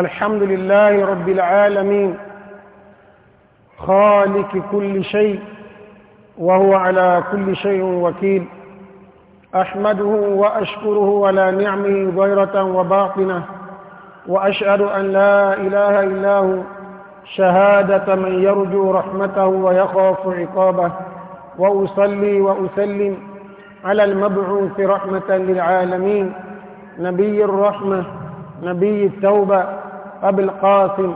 الحمد لله رب العالمين خالق كل شيء وهو على كل شيء وكيل أحمده وأشكره على نعمه ضيرة وباطنة وأشهد أن لا إله إلا هو شهادة من يرجو رحمته ويخاف عقابه وأصلي وأسلم على المبعوث رحمة للعالمين نبي الرحمة نبي التوبة أبي القاسم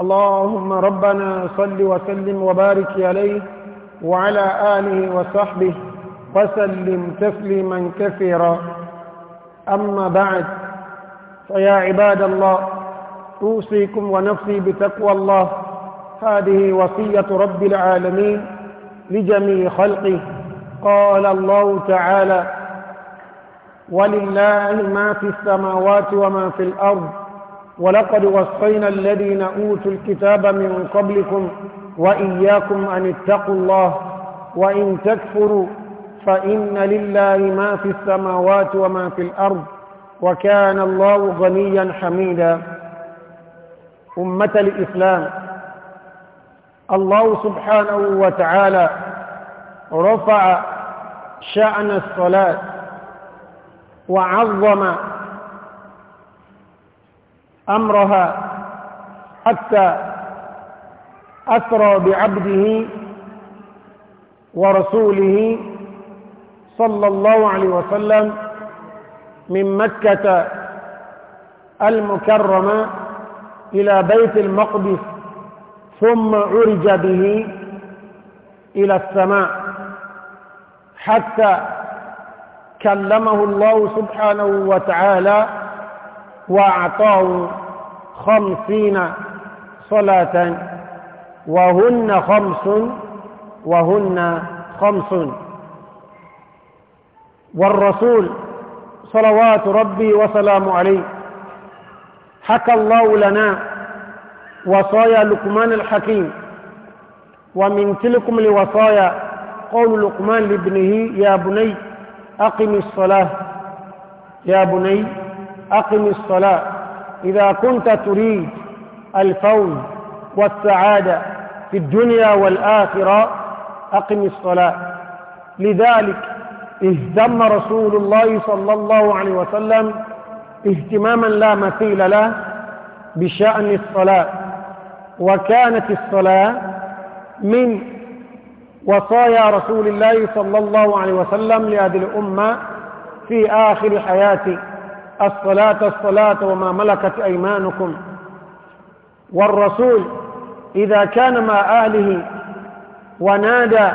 اللهم ربنا صل وسلم وبارك عليه وعلى آله وصحبه وسلم تسليما كثيرا أما بعد فيا عباد الله أوصيكم ونفسي بتقوى الله هذه وصية رب العالمين لجميع خلقه قال الله تعالى ولله ما في السماوات وما في الأرض ولقد وصينا الذين أوتوا الكتاب من قبلكم وإياكم أن اتقوا الله وإن تكفروا فإن لله ما في السماوات وما في الأرض وكان الله غنيا حميدا أمة الإسلام الله سبحانه وتعالى رفع شأن الصلاة وعظم أمرها حتى أسرى بعبده ورسوله صلى الله عليه وسلم من مكة المكرمة إلى بيت المقدس ثم عرج به إلى السماء حتى كلمه الله سبحانه وتعالى وأعطاه خمسين صلاة وهن خمس وهن خمس والرسول صلوات ربي وسلام عليه حكى الله لنا وصايا لقمان الحكيم ومن تلكم لوصايا قول لقمان لابنه يا بني أقم الصلاة يا بني أقم الصلاة إذا كنت تريد الفوز والسعادة في الدنيا والآخرة أقم الصلاة لذلك اهتم رسول الله صلى الله عليه وسلم اهتماما لا مثيل له بشأن الصلاة وكانت الصلاة من وصايا رسول الله صلى الله عليه وسلم لهذه الأمة في آخر حياته الصلاة الصلاة وما ملكت أيمانكم والرسول إذا كان مع أهله ونادى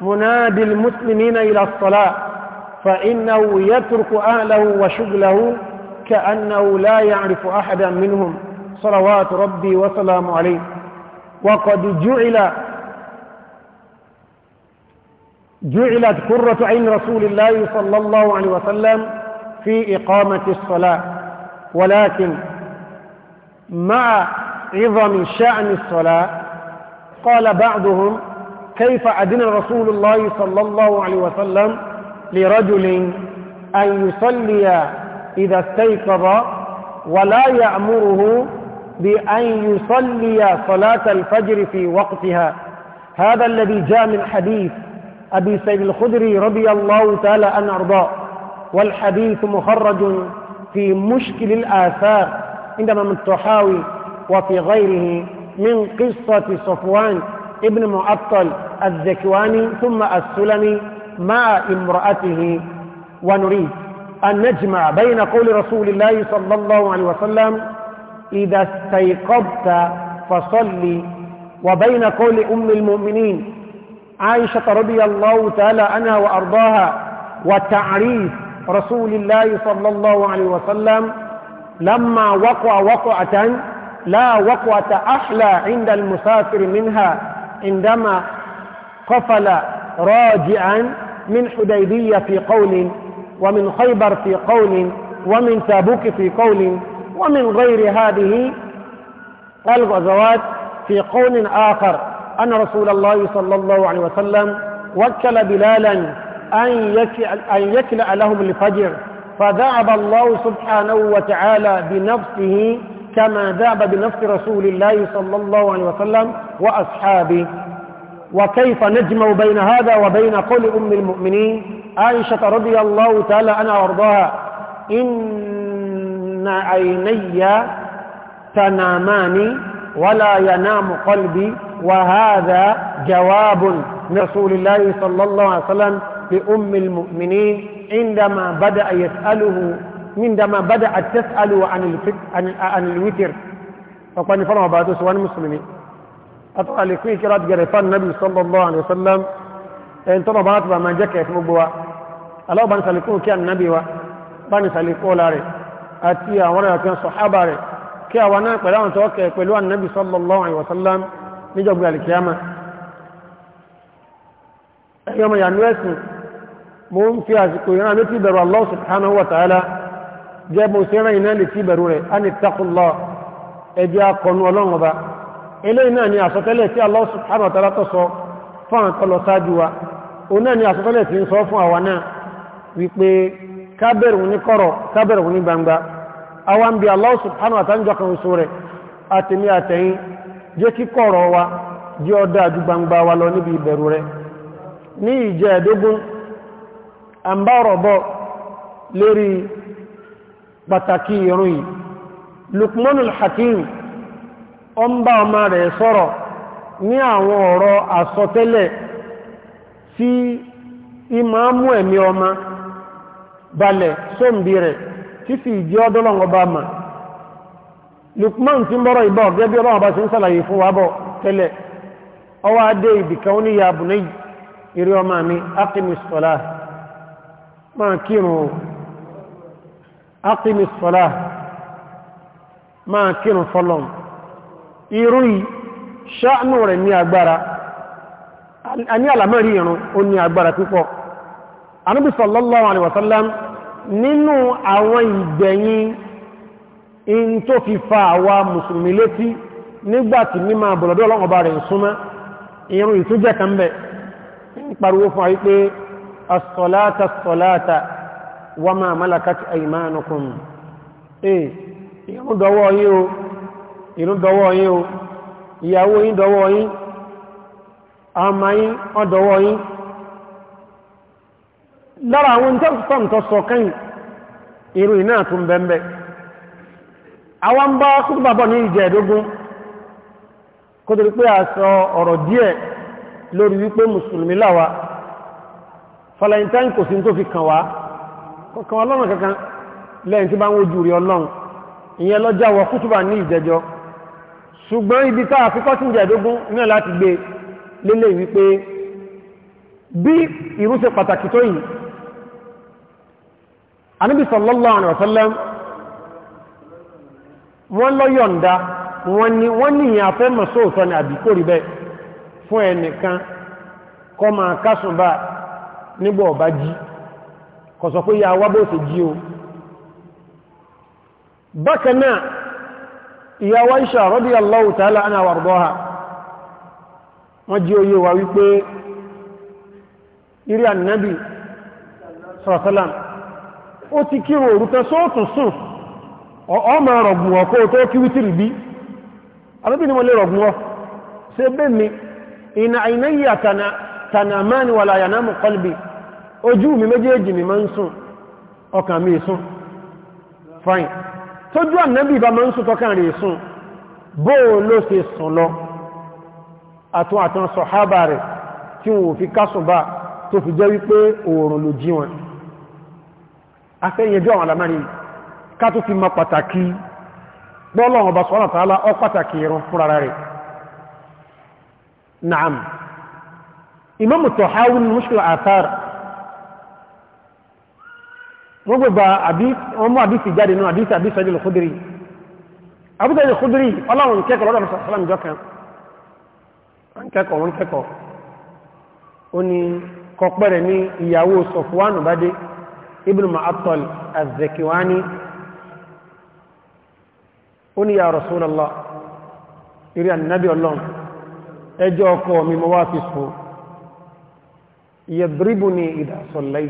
منادي المسلمين إلى الصلاة فإنه يترك أهله وشغله كأنه لا يعرف أحدا منهم صلوات ربي وسلام عليه وقد جعل جعلت كرة عين رسول الله صلى الله عليه وسلم في إقامة الصلاة ولكن مع عظم شأن الصلاة قال بعضهم كيف أذن رسول الله صلى الله عليه وسلم لرجل أن يصلي إذا استيقظ ولا يأمره بأن يصلي صلاة الفجر في وقتها هذا الذي جاء من حديث أبي سيد الخدري رضي الله تعالى أن أرضاه والحديث مخرج في مشكل الآثار عندما من التحاوي وفي غيره من قصة صفوان ابن معطل الذكواني ثم السلمي مع امرأته ونريد أن نجمع بين قول رسول الله صلى الله عليه وسلم إذا استيقظت فصلي وبين قول أم المؤمنين عائشة رضي الله تعالى عنها وأرضاها وتعريف رسول الله صلى الله عليه وسلم لما وقع وقعة لا وقعة أحلى عند المسافر منها عندما قفل راجعا من حديبية في قول ومن خيبر في قول ومن تابوك في قول ومن غير هذه الغزوات في قول آخر أن رسول الله صلى الله عليه وسلم وكل بلالا أن يكلأ لهم الفجر فذعب الله سبحانه وتعالى بنفسه كما ذعب بنفس رسول الله صلى الله عليه وسلم وأصحابه وكيف نجمع بين هذا وبين قول أم المؤمنين عائشة رضي الله تعالى عنها وارضاها إن عيني تنامان ولا ينام قلبي وهذا جواب من رسول الله صلى الله عليه وسلم بأم المؤمنين عندما بدأ يسأله عندما بدأت تسأله عن الفك عن, عن الوتر فقال فرما بعد سوان المسلمين أطلع لكي كرات جرفان النبي صلى الله عليه وسلم إن ترى بات ما جك يفمبوا الله بان سلكون كان النبي بان سلكوا لاري أتيا وانا كان صحابة ري كي وانا قلوا توكل قلوا النبي صلى الله عليه وسلم نجوا بالكيامة يوم ينوسن mo ń fi àsìkò ìran létí ìbẹ̀rù Allah subhanahu wa ta'ala jẹ́ mo ṣe rán iná létí a rẹ̀ á ní takùlọ ẹjẹ́ akọnu ọlọ́run ọba eléyìí náà ni àsọtẹ́lẹ̀ tí Allah subhanahu wa ta'ala tó sọ fún sáájú wa òun náà ni àsọtẹ́lẹ̀ tí ń sọ fún àwa náà wípé kábẹ̀rù à ń bá ọ̀rọ̀ bọ́ lérí yìí Hakim ọ ń bá ọmọ rẹ̀ sọ̀rọ̀ ní àwọn ọ̀rọ̀ àsọtẹ́lẹ̀ tí ìmáàmù ẹ̀mí ọmọ balẹ̀ sóǹbí rẹ̀ Lukman tí ń bọ́rọ̀ ìbọ̀ wa ìrí ọmọ mi aqimis máa kírùn aqimi sọ́lá máa kírùn fọ́lọ̀m irú ṣáánù rẹ̀ ní agbára a ní alamari irun ó ní agbára púpọ̀ anúbí sallallahu alaihi wasallam nínú àwọn ìgbẹ̀yìn in tó fi fa àwa mùsùlùmí létí nígbàtí mímọ̀ àbọ̀lọ́dọ́ ọlọ́ọ̀bá rẹ̀ súnmọ́ irun ìtújẹ́ kan الصلاة الصلاة وما ملكت أيمانكم إيه ìrun dọwọ́ yín o ìrun dọwọ́ yín o ìyàwó yín dọwọ́ yín àmà yín wọ́n dọwọ́ yín lára àwọn tẹ́sùtọ́m tó sọ kẹ́yìn ìrun iná tún bẹ́m̀bẹ̀ àwọn bá kúrùbàbọ̀ ní ìjẹ̀ẹ́dógún kó torí pé a sọ ọ̀rọ̀ díẹ̀ lórí wípé mùsùlùmí làwa valentine kò sí tó fi kàn wá kọkàn ọlọ́run kankan lẹ́yìn tí bá ń wojú rí ọlọ́run ìyẹn lọ́jà wọ kútùbà ní ìjẹjọ́ ṣùgbọ́n ibi tá a fi kọ́ sí ìjẹ̀dógún náà láti gbé lélẹ̀ wípé bí ìrúnṣe pàtàkì tó yìí anábì sallallahu alaihi lọ yọ̀ǹda wọ́n ní wọ́n ní ìyẹn afẹ́mọ̀ sóòtọ́ ni àbíkórí bẹ́ẹ̀ fún ẹnìkan kọ́ máa kásùn báà nígbà ọba jí kò pé ya wá bó ṣe jí o radiyallahu ta'ala anha wọ́n jí oyé wa wípé irí ànábì sọ̀rọ̀sọ́làm ó ti kírò òrùtẹ́ sóòtún sùn ọmọ rọ̀gùn ọkọ́ tó kí wítìrì bí alóbìnrin mo tanamani wà láyànámù kọlbì ojú mi méjèèjì mi máa ń sùn ọkàn mi sun fine tójú ànábì bá máa ń sùn tọ́kàn rẹ̀ sùn lo ló sun lo lọ àtún àtún sọ̀hábà rẹ̀ tí wọ́n fi kásùn ba to fi jẹ́ wípé oòrùn ló jí wọn afẹ́yẹjú àwọn alamari ká tó fi ma pàtàkì gbọ́lọ̀ ọba sọ́nà tààlà ọ pàtàkì ìrun fúnra rẹ̀ naam Imam Tahawi ní Mushkil Athar wọ́n gbogbo ọmọ àdífì jáde náà àdífì àdífì àdífì Khudri àbúta ilẹ̀ Khudri ọlọ́run kẹ́kọ̀ọ́ lọ́dọ̀ sàlám jọ́kan wọ́n kẹ́kọ̀ọ́ wọ́n kẹ́kọ̀ọ́ ó ní kọpẹ́rẹ̀ ní ìyàwó Sọfúwánù bá dé Ibn Ma'attal Az-Zakiwani ó ní ya Rasulullah yẹ̀dìríbù ni ìdásọ̀láì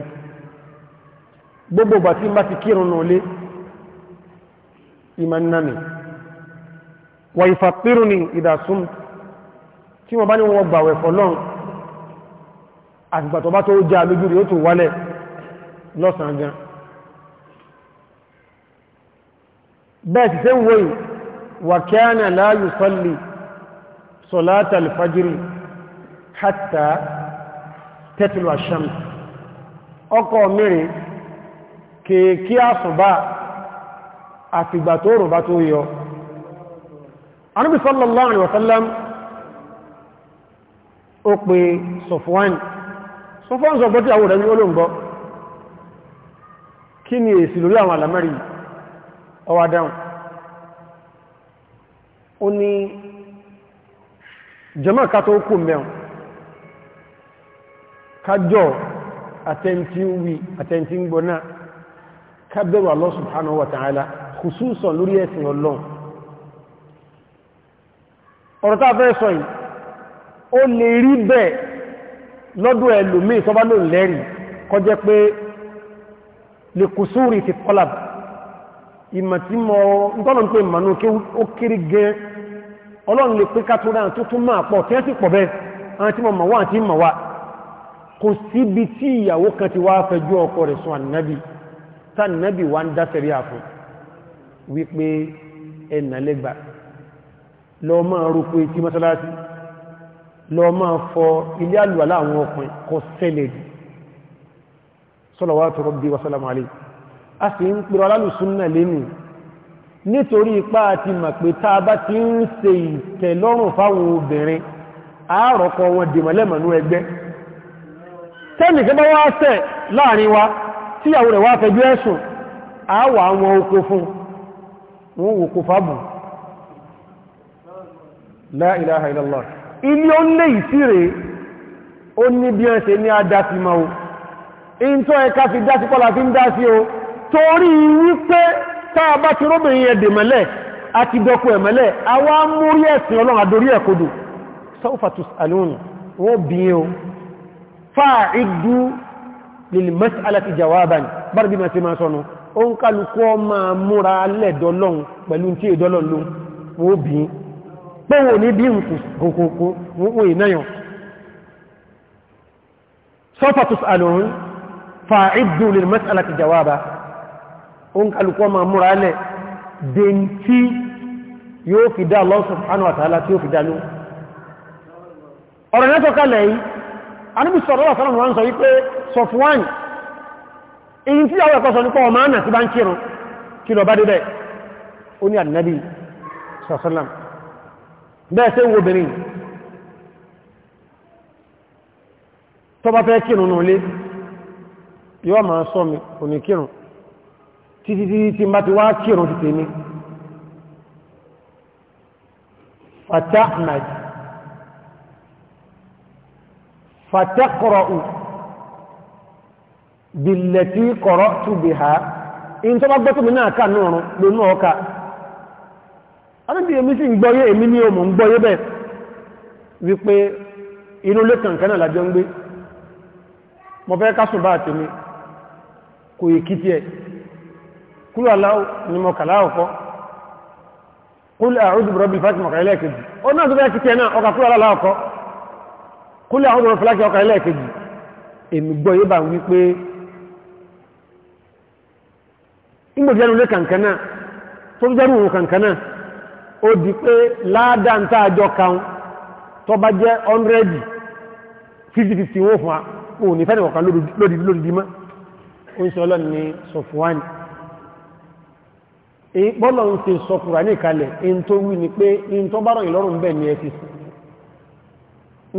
gbogbo bá tí má ti kírùn nù lé ìmannami wà ìfàpírù ni ìdásún tí wọ́n bá ní wọ́n gbàwẹ̀ fọ́lọ́n àtìgbàtọ̀ bá tó já lójú rí ó tó wálẹ̀ lọ́sàn gan tẹ́tìlú àṣẹ́m ọkọ̀ mìírí kèèkí àsùnbà àtìgbà tó rùn bá tó yọ Ànábì sallallahu alaihi wasallam ó pe Sọfwan Sọfwan sọ gbọ́tí àwọn ìrẹ́mí olóǹgbọ́ kí ni èsì lórí àwọn àlàmẹ́rì ọwà dáhùn ó ní jẹ́mọ́ ká tó kú mẹ́un kájọ àtẹ́ntí ń wí àtẹ́ntí ń gbọ́ náà kábẹ̀rù Allah subhanahu wa ta'ala khususan lórí ẹ̀sìn ọlọ́run ọ̀rọ̀ tá fẹ́ sọ yìí ó lè rí bẹ́ẹ̀ lọ́dọ̀ ẹlòmíì tó bá lò lẹ́rìí kọjẹ́ pé lè kùsúrì ti kọlàb ìmọ̀ tí mọ́ ntọ́nà pé ìmọ̀nà ó kéré gẹ́ ọlọ́run lè pé kátó tó tún máa pọ̀ tí wọ́n ti pọ̀ bẹ́ẹ̀ àwọn tí mọ̀ wá àti mọ̀ wá kò síbi tí ìyàwó kan ti wá fẹjú ọkọ rẹ̀ sún ànábì tánàbì wá ń dásẹ̀rí àfún wípé ẹ̀nà lẹ́gbà lọ máa rúkú etí mọ́sálásí lọ máa fọ ilé àlùwà láwọn ọkùnrin kọ sẹ́lẹ̀ dì salawatu rabbi wa salamu alayhi a sì ń pèrò alálùsúnnà lẹ́nu nítorí ipá tẹ́nìkan bá wá ṣẹ̀ láàrin wa tíyàwó rẹ̀ wá fẹjú ẹ̀sùn wà àwọn oko fún wọn wò kò fábù la ilaha illallah ilé o lè ìsíre ó ní bí ẹ̀ṣẹ̀ ní adásí ma o in tó ẹka fi dásí pọ́lá fi ń dásí o torí wípé táa bá ti róbìnrin ẹ̀dẹ̀ mẹ́lẹ̀ àti dọ́kù ẹ̀mẹ́lẹ̀ àwọn amórí ẹ̀sìn ọlọ́run àdórí ẹ̀kodò sọ́fàtùs wọ́n bí i o fa'iddu lil mas'alati jawaban bar bi ma se ma sonu on kálukú ó máa múra le dolohun pẹ̀lú nti edolohun lo wo bi pe wo ni bi nku kokoko wo inayan sawfa tus'alun fa'iddu lil mas'alati jawaba on kálukú ó máa múra le de nti yóò fi dá Allah subhanahu wa ta'ala fi dá ló ọ̀rọ̀ náà tọ́kálẹ̀ yìí anúbì sọ̀rọ̀ ọ̀sán wọn sọ wípé sọfúwán èyí tí àwọn ẹ̀kọ́ sọ nípa ọmọ ànà tí bá ń kírun kí lọ bá dé bẹ́ẹ̀ ó ní ànábì sọ̀sọ́lám bẹ́ẹ̀ sí wo obìnrin tó bá fẹ́ kírun nù lé yóò máa sọ فتقرأ بالتي قرأت بها in tó bá gbọ́ mi náà ká náà lónú ọkà adébí èmi sí ń gbọ́yé èmi ní òmù ń gbọ́yé bẹ́ẹ̀ wípé inú lé kànkẹ́ náà ń gbé fẹ́ àti mi kò kìtì ẹ̀ kúrò aláwọ̀ kúlẹ̀ àwọn ọmọ fìláṣẹ́ ọkà ilẹ̀-èkejì èmì gbọ́ yíba wípé ìgbòjẹ́nu lé kàǹkaná tó jẹ́rù òun kàǹkaná ó di pé láàdáa ń tààjọ kan tó bá jẹ́ 100 50-50 wó fún àwọn òní fẹ́ni ọ̀kan lórí lórí mọ́ ó ń sọ ọlọ́run ní sọfúwánì bọ́lọ̀ ń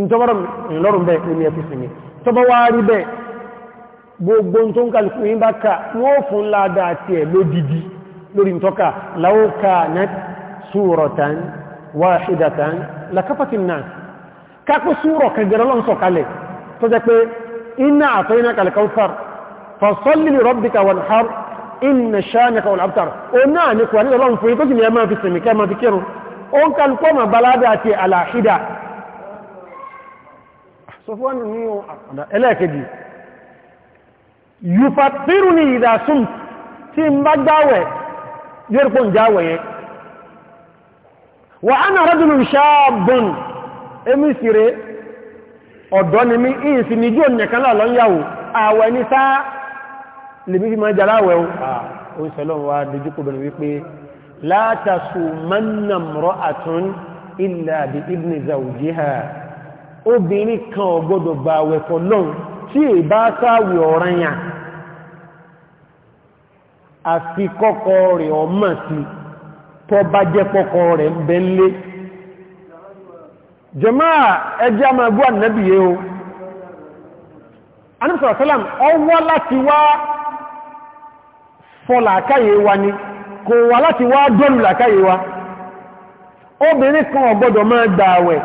ìjọmọ́rọ̀lọ́rùn bẹ́ẹ̀ ní ẹ̀fí sinmi tó bá wá rí bẹ́ẹ̀ gbogbo tó ń kàlùkù yí bá ká wọ́n fún ládá àti ẹ̀ lódìdí lórí ìtọ́ka láwọ́ká net súrọ̀tán wáṣídàtán lakáfàtí náà kápẹ́ súrọ̀ kẹgbẹ̀rẹ̀ lọ́n sọ̀kalẹ̀ tó jẹ́ pé iná àtọ́ iná kàlùkàufar fasalli li rabbika wanhar inna shanaka wal abtar sọfọ́nù ní ọ̀dá ẹlẹ́ẹ̀kejì yùfàtírù ní ìdásùn tí ń bá gbáwẹ̀ yóò jáwẹ̀ yẹn wà á nà rẹ́dùnù ṣáàbùn emí sire ọ̀dọ́ ni mí ìsì ní jí òmìnkan lọ lọ́nyàwó àwẹ̀ ní sáà lè bí fi máa bẹ̀rẹ̀ wípé látàsù mannamrọ́ àtún illa bi ibni zawjiha obìnrin kan ò gbọdọ̀ gbà àwẹ̀ fọ́ lọ́n tí è bá sáwẹ̀ ọ̀ranyàn àfi kọ́kọ rẹ̀ ọmọ sí tọ́ bá jẹ́ kọ́kọ rẹ̀ ń bẹ lé jàmáà ẹjẹ́ a máa bú ànábìyẹ o anúsọ̀rọ̀ sálàm ọwọ́ láti wá fọ́lá àkáyé wa ni kò wá láti wá dọ́lù làkáyé wa obìnrin kan ò máa gbà àwẹ̀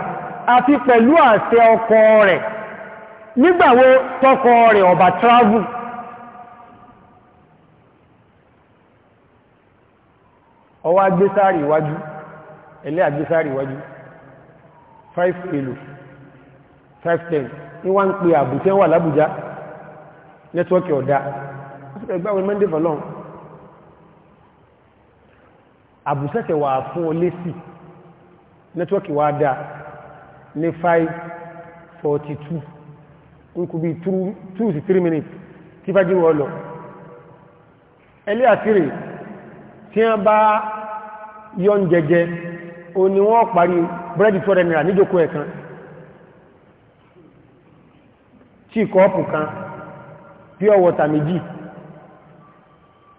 àti pẹ̀lú àṣẹ ọkọ rẹ̀ nígbàwó tọkọ rẹ̀ ọba travel ọwá gbésáàrì iwájú ẹlẹ́ àgbésáàrì iwájú 5 kilo 510 ní wá ń pe àbùtẹ́ wà lábújá nẹ́tíwọ́kì ọ̀dá ẹgbàwé mẹ́ndé fọ́lọ́n àbùsẹ́sẹ̀ wà fún ọ lésì nẹ́tíwọ́kì wà dáa ní 5:42 nkú bí 2-3 minutes tí fájí wọ́n lọ ẹlé àtírè tí wọ́n bá yọ́n jẹjẹ o ni wọ́n parí búrẹ́dì tó rẹ̀ nìra níjókòó ẹ̀kan tí kọ́ọ̀pù kan tí ọwọ́ tà méjì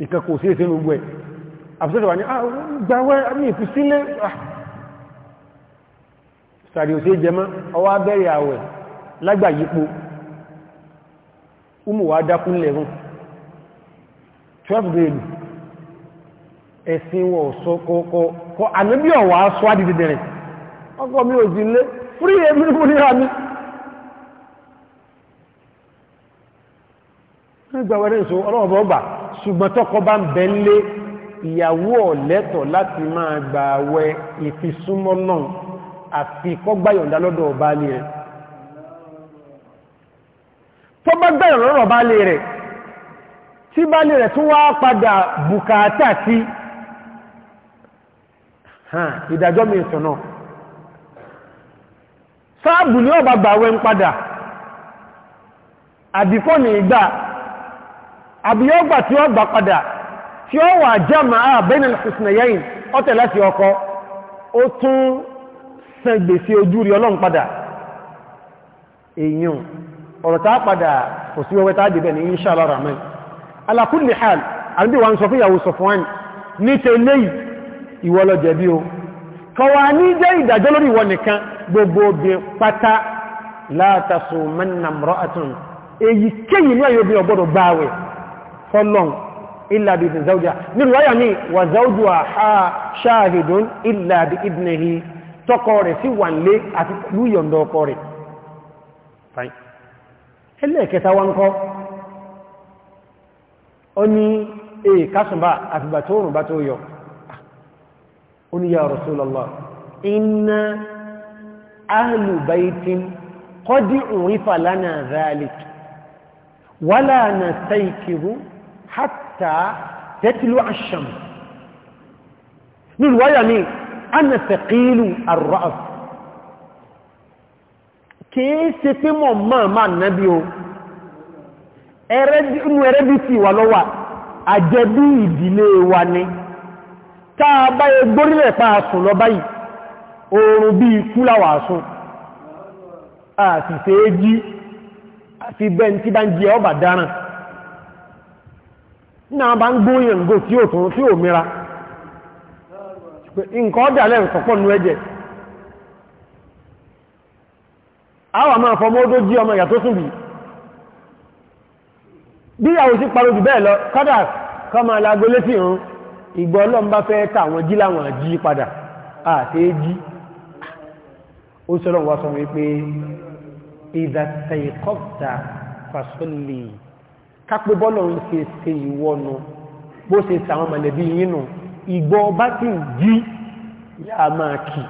ìkẹ́kọ̀ọ́ sí ìsinú gbẹ̀ àfisẹ́sẹ̀ wà ní ah, gbàwẹ́ àmì ìfisílẹ̀ ah, sàrí òsè jẹmọ́ ọwọ́ abẹ́rẹ̀ àwẹ̀ lágbàyípo umu wa dákúnlẹ̀ rùn 12 grade ẹ̀sìn wọ̀ sọ kọ́kọ́ kọ́ ànábí ọ̀wà sọ àdìdìdìrìn ọkọ̀ mi ò sí lé fúrí èmì fún níra mi nígbàwẹ́rẹ́ ìṣò ọlọ́ọ̀bọ̀ gbà ṣùgbọ́n tọ́kọ bá ń bẹ lé ìyàwó ọ̀lẹ́tọ̀ láti máa gbà àwẹ̀ ìfisúnmọ́ náà àfi kọ́ gbáyọ̀ǹda lọ́dọ̀ ọba alé rẹ̀ tó bá gbáyọ̀ǹda lọ́dọ̀ rẹ̀ tí bá alé rẹ̀ tún wá padà bùkátà sí ìdájọ́ mi sọ̀nà sáàbù ní ọba gbàwẹ́ ń padà àbíkọ́ ní ìgbà àbíyọ́gbà tí ó gbà padà tí ó wà jẹ́ san gbèsè ojú rí ọlọ́run padà èèyàn ọ̀rọ̀ tá padà kò sí wẹ́wẹ́ tá dìbẹ̀ ní inṣàlá rahman ala kulli hal àbí wa ń sọ fún ìyàwó sọ fún wani ní tẹ́lẹ̀ ìwọlọ jẹ̀bi o kọwa ní jẹ́ ìdájọ́ lórí ìwọ nìkan gbogbo obìnrin pátá la tasumanna imra'atun èyí kéyìn ní ayóbi ọgbọ́dọ̀ gbáwẹ̀ illa bi zawjiha nínú wáyà ní wà zawjuha shahidun illa bi ibnihi tọ́kọ rẹ̀ sí wà lé àti pẹ̀lú yọ̀ndọ̀ ọkọ rẹ̀ fine ẹlẹ́ẹ̀kẹta wá ń kọ́ ọ ní èè kásùnbà àfìgbà tó rùn bá tó yọ ó ní ya Rasulullah inna ahlu baitin qad urifa lana dhalik wala nastaykiru hatta tatlu ash-shams ní ìwáyà ní ana thaqilu ar-ra's kìí ṣe pé mọ̀ máa máa nábi o inú ẹrẹ́bí ti wà lọ́wà àjẹbí ìdílé wa ni táa bá egbórílẹ̀ pàá sùn lọ báyìí oòrùn bí kúláwà sùn àti ṣe é jí àti bẹ́ẹ̀ tí bá ń jẹ ọba dáràn náà bá ń gbóyàn gò tí ò tún tí ò mìíràn nǹkan ọjà lẹ́rìn kọ̀pọ̀ nú ẹ̀jẹ̀ àwọn máa fọmọ́ ó tó jí ọmọ ìyà tó sùn bí bí àwọn sí parọ́ jù bẹ́ẹ̀ lọ kọ́dà kọ́ máa lágbó létí ìrún ìgbọ́ ọlọ́m bá fẹ́ ta àwọn jí láwọn jí padà àti jí ó sọ́rọ̀ wá sọ wípé ìdàtẹ̀ ìkọ́ta kápẹ́ bọ́lọ̀ ń ṣe ṣe ìwọ́nu bó ṣe tàwọn mọ̀lẹ́bí yínú ìgbọ́ bá ti ń jí yá máa kì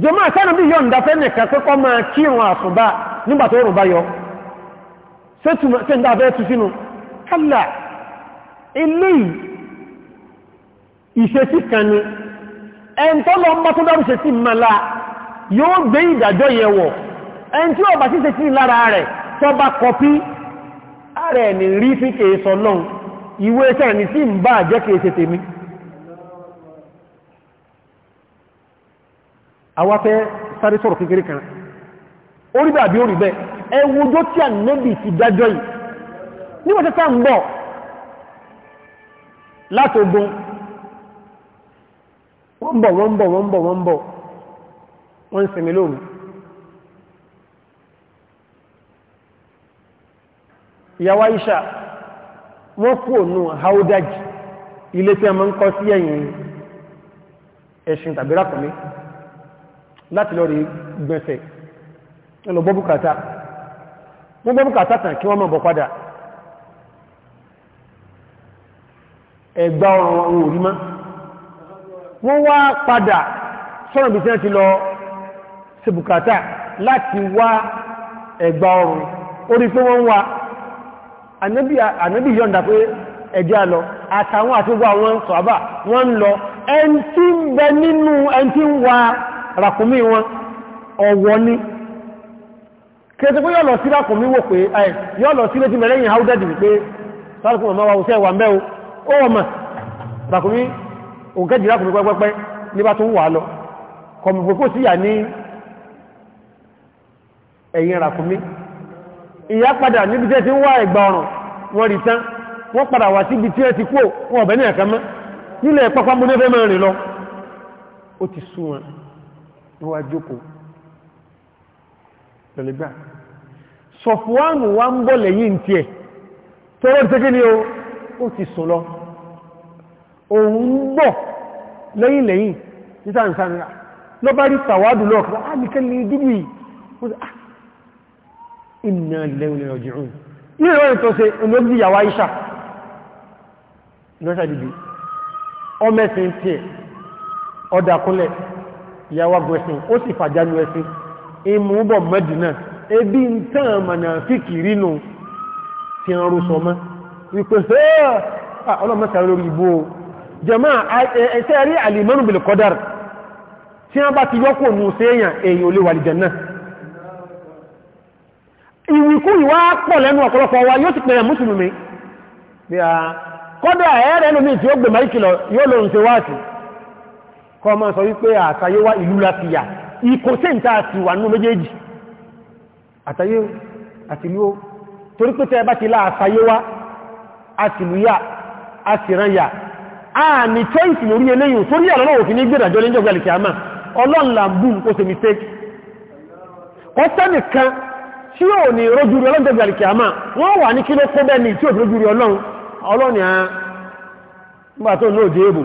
jọmọ́ àṣánà bí yọ ǹdafẹ́ nìkan pé kọ́ máa kí ìrùn àṣùbá nígbà tó rùn bá yọ ṣe ń dá abẹ́ tú sínú kálà ilé ìṣesí kan ni ẹn tó lọ mọ́ tó dárú ṣe sí ìwé sẹ́rẹ̀ ní sí ń bá àjẹ́ kèé ṣe tèmi àwa fẹ́ sáré sọ̀rọ̀ kékeré kan orí bẹ́ẹ̀ àbí orí bẹ́ẹ̀ ẹ wojó tí à nẹ́bì ti dájọ́ yìí níwọ̀n tẹ́ sáà ń bọ̀ látogun wọ́n bọ̀ wọ́n bọ̀ wọ́n bọ̀ wọ́n bọ̀ wọ́n sinmi lóòrùn ìyàwó Aisha wọ́n kú ònú haudaj ilé tí a máa ń kọ́ sí ẹ̀yìn ẹ̀ṣin tàbí rákùnrin láti lọ rí gbẹ̀nsẹ̀ ẹlọ bọ́bùkátà wọ́n bọ́bùkátà tàn kí wọ́n mọ̀ bọ̀ padà ẹgbà ọ̀rọ̀ ohun orí má wọ́n wá padà sọ́rọ̀ bí sẹ́ẹ̀ ti lọ sí bùkátà láti wá ẹgbà ọ̀rọ̀ orí pé wọ́n wá ànábì yọ̀ǹda pé ẹjẹ́ lọ àtàwọn àti gbogbo àwọn wọ́n lọ ràkúnmí wọn ọ̀wọ́ ní kẹsí pé yọ́lọ̀ sí ràkúnmí wò pé ẹ̀ yọ́lọ̀ sí létí mẹ́lẹ́yìn haúdẹ́dì wípé sáràkùn mọ̀ wá òṣẹ́ wà mẹ́ o ó wọ́n mọ̀ ràkúnmí òǹkẹ́jì ràkúnmí pẹ́pẹ́pẹ́ ní bá tún wà lọ kọmùgbòkó sí yà ní ẹ̀yìn ràkúnmí ìyá padà níbi tẹ́ ti ń wá ẹ̀gbà ọ̀rùn wọ́n rí tán wọ́n padà wà síbi tí ẹ ti kú wọn ọ̀bẹ̀ ní ẹ̀kan mọ́ nílẹ̀ pápá múnẹ́fẹ́ mẹ́rin lọ ó ti sú wọn wọ́n wá jókòó lọ́lẹ́gbà wa ń bọ̀ lẹ́yìn tí ẹ̀ tọ́rọ ti ni o ó ti sùn lọ òun ń bọ̀ lẹ́yìn lẹ́yìn títà ń sára lọ bá rí tàwádù lọ kọ́ alìkẹ́lẹ̀ dúdú yìí ah, inna lillahi wa ji'un ilé ìwọ̀n ọ ìyàwó agbẹ̀sìn ó sì fàjánu ẹ̀sìn ìmúbọ̀ mẹ́dínà ebi ń tàn mọ̀nà fíkìrí nù ti ń rú sọmọ́ wípé ọlọ́mọ́sàrí lórí ibò jẹ́mọ́ ẹ̀ṣẹ́ rí alìmọ́nù bil qadar tí wọ́n bá ti yọ́kò nù séèyàn èyàn olè wàlìjẹ̀ náà ìwìkú ìwá pọ̀ lẹ́nu ọ̀pọ̀lọpọ̀ wa yóò ti pẹ̀rẹ̀ mùsùlùmí kọ́dà ẹ̀ẹ́rẹ́ lómi tí ó gbẹ̀mọ́ yóò lóhun ṣe wáàtì kọ́ máa sọ wípé àtàyé wá ìlú láfíyà ikò tí ń tàà sí wà nínú méjèèjì àtàyé àti ìlú torí pé tẹ́ bá ti lá àtàyé wá àtìlúyà àtìranyà a ní choice lórí eléyìn torí àlọ́lọ́ òfin ní gbẹ̀dàjọ́ lẹ́jọ́ gbẹ̀lẹ̀ kí a máa ọlọ́nlàbùn kó se mistake kọ́ sẹ́nìkan tí ò ní rójúrí ọlọ́jọ́ gbẹ̀lẹ̀ kí a máa wọ́n wà ní kí ló kó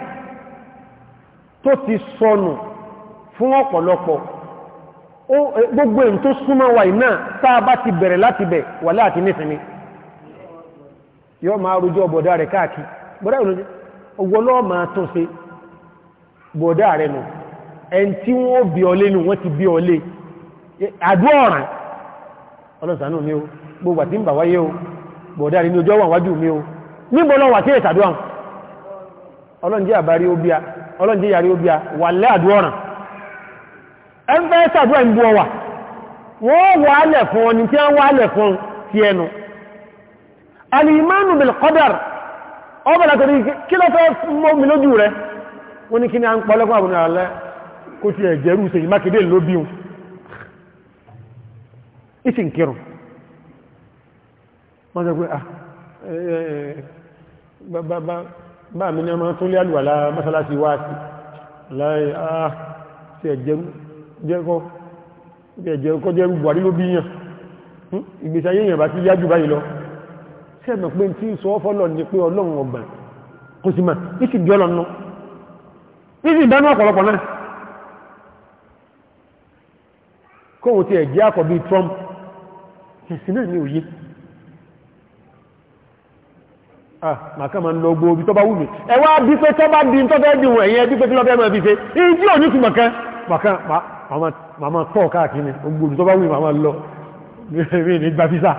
tó ti sọnù fún ọ̀pọ̀lọpọ̀ e, gbogbo èyí tó súnmọ́ wà iná táa bá ti bẹ̀rẹ̀ láti bẹ̀ wà láti nífẹ̀ẹ́ni yọ máa rújọ bọ̀dá rẹ̀ káàkiri bọ̀dá rẹ̀ nù ẹn tí wọ́n bí ọlé nù wọ́n ti bí ọlé e, àdúọ̀ràn ọlọ́sànú mi o gbogbo àti ń bà wáyé o bọ̀dá rẹ̀ ní ọjọ́ wà wájú mi o níbo lọ wà tí ọlọ́njẹ́ àbárí ó bíá ọlọ́njẹ́ yàrí ó bí a wà lẹ́ àdúọ́ràn ẹn fẹ́ sàdúwà ń bú ọwà wọ́n wà lẹ̀ fún ọni tí wọ́n wà lẹ̀ fún ti ẹnu alìmánù bil qadar ọbẹ̀lá torí kí lọ fẹ́ mọ́ mi lójú rẹ wọ́n ní kí ní a ń bá mi ní ọmọ tó lé àlùwàlá mọ́sálásí wá sí láì àá ah, tí ẹ̀jẹ̀ kọ́ jẹ́rù buhari ló bíyàn hmm? ìgbésí ayé èèyàn bá ti yájú báyìí lọ sí ẹ̀mọ̀ pé tí ń sọ fọ́lọ̀ ní pé ọlọ́run ọgbà kò sí mà ní sì jọ́ lọ́nà ní Trump ìsìn náà ní Ah, màkà ma ń lọ gbogbo tó bá wùmí ẹwà bí pé tó bá di tó bẹ́ dìwọ̀n ẹ̀yẹ bí pé tí lọ́bẹ́ mọ̀ fi ṣe èyí tí ò ní túnmọ̀ kẹ́ màmá tọ́ káàkiri gbogbo tó bá wùmí màmá lọ rí ní gba físà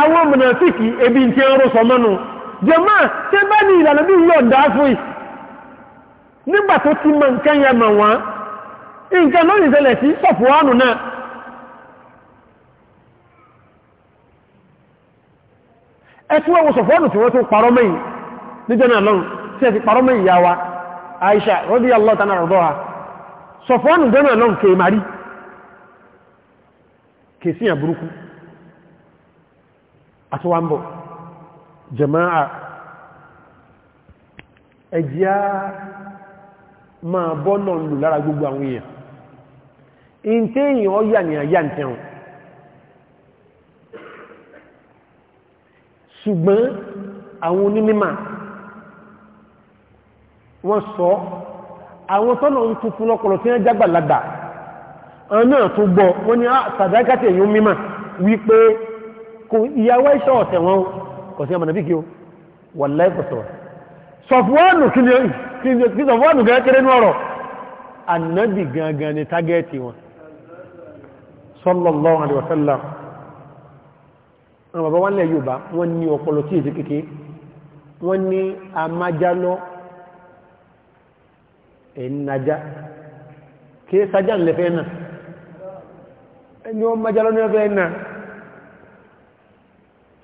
àwọn mọ̀nàtíkì ebi tí ń rọ́ sọmọ́nù jẹmọ́ tí bá ní ìlànà bí yọ dáfúì nígbà tó ti mọ̀ nǹkan yẹ mọ̀ wọ́n nǹkan lónìí tẹ́lẹ̀ sí sọ̀fọ́ánù náà ẹtí wọ́n sọ̀fọ́nù tí wọ́n tó parọ́ mẹ́yìn fi ya wa Aisha radiyallahu ta'ala anha sọ̀fọ́nù jọ́nà lọ́rùn kè marí kè sí àbúrúkú àtúwàmbọ̀ jama'a ẹjíá ma bọ́ náà lù lára gbogbo àwọn èèyàn in téèyàn ọ yà ní àyà ṣùgbọ́n àwọn onímímà wọ́n sọ àwọn tọ́nà ń tún fún lọ́pọ̀lọ̀ tí wọ́n jágbàlagbà náà tó gbọ́ wọ́n ni ah, sàdákàtì èyí mímà wípé kò ìyàwó iṣẹ́ ọ̀tẹ̀ wọn kò sí àmànà bíkí o wà láìpọ̀tọ̀ sọ̀fúwánù kí sọ̀fúwánù gẹ́gẹ́ kéré ní ọ̀rọ̀ ànábì gangan ni tágẹ́ẹ̀tì wọn sallallahu alaihi wasallam àwọn bàbá wà nílẹ̀ Yorùbá wọ́n ní ọpọlọ tí èsì kéke wọ́n ní amájálọ́ ẹ̀nàjá kí sájá ń lẹ́fẹ́ náà ẹni wọ́n májálọ́ ní ọfẹ́ náà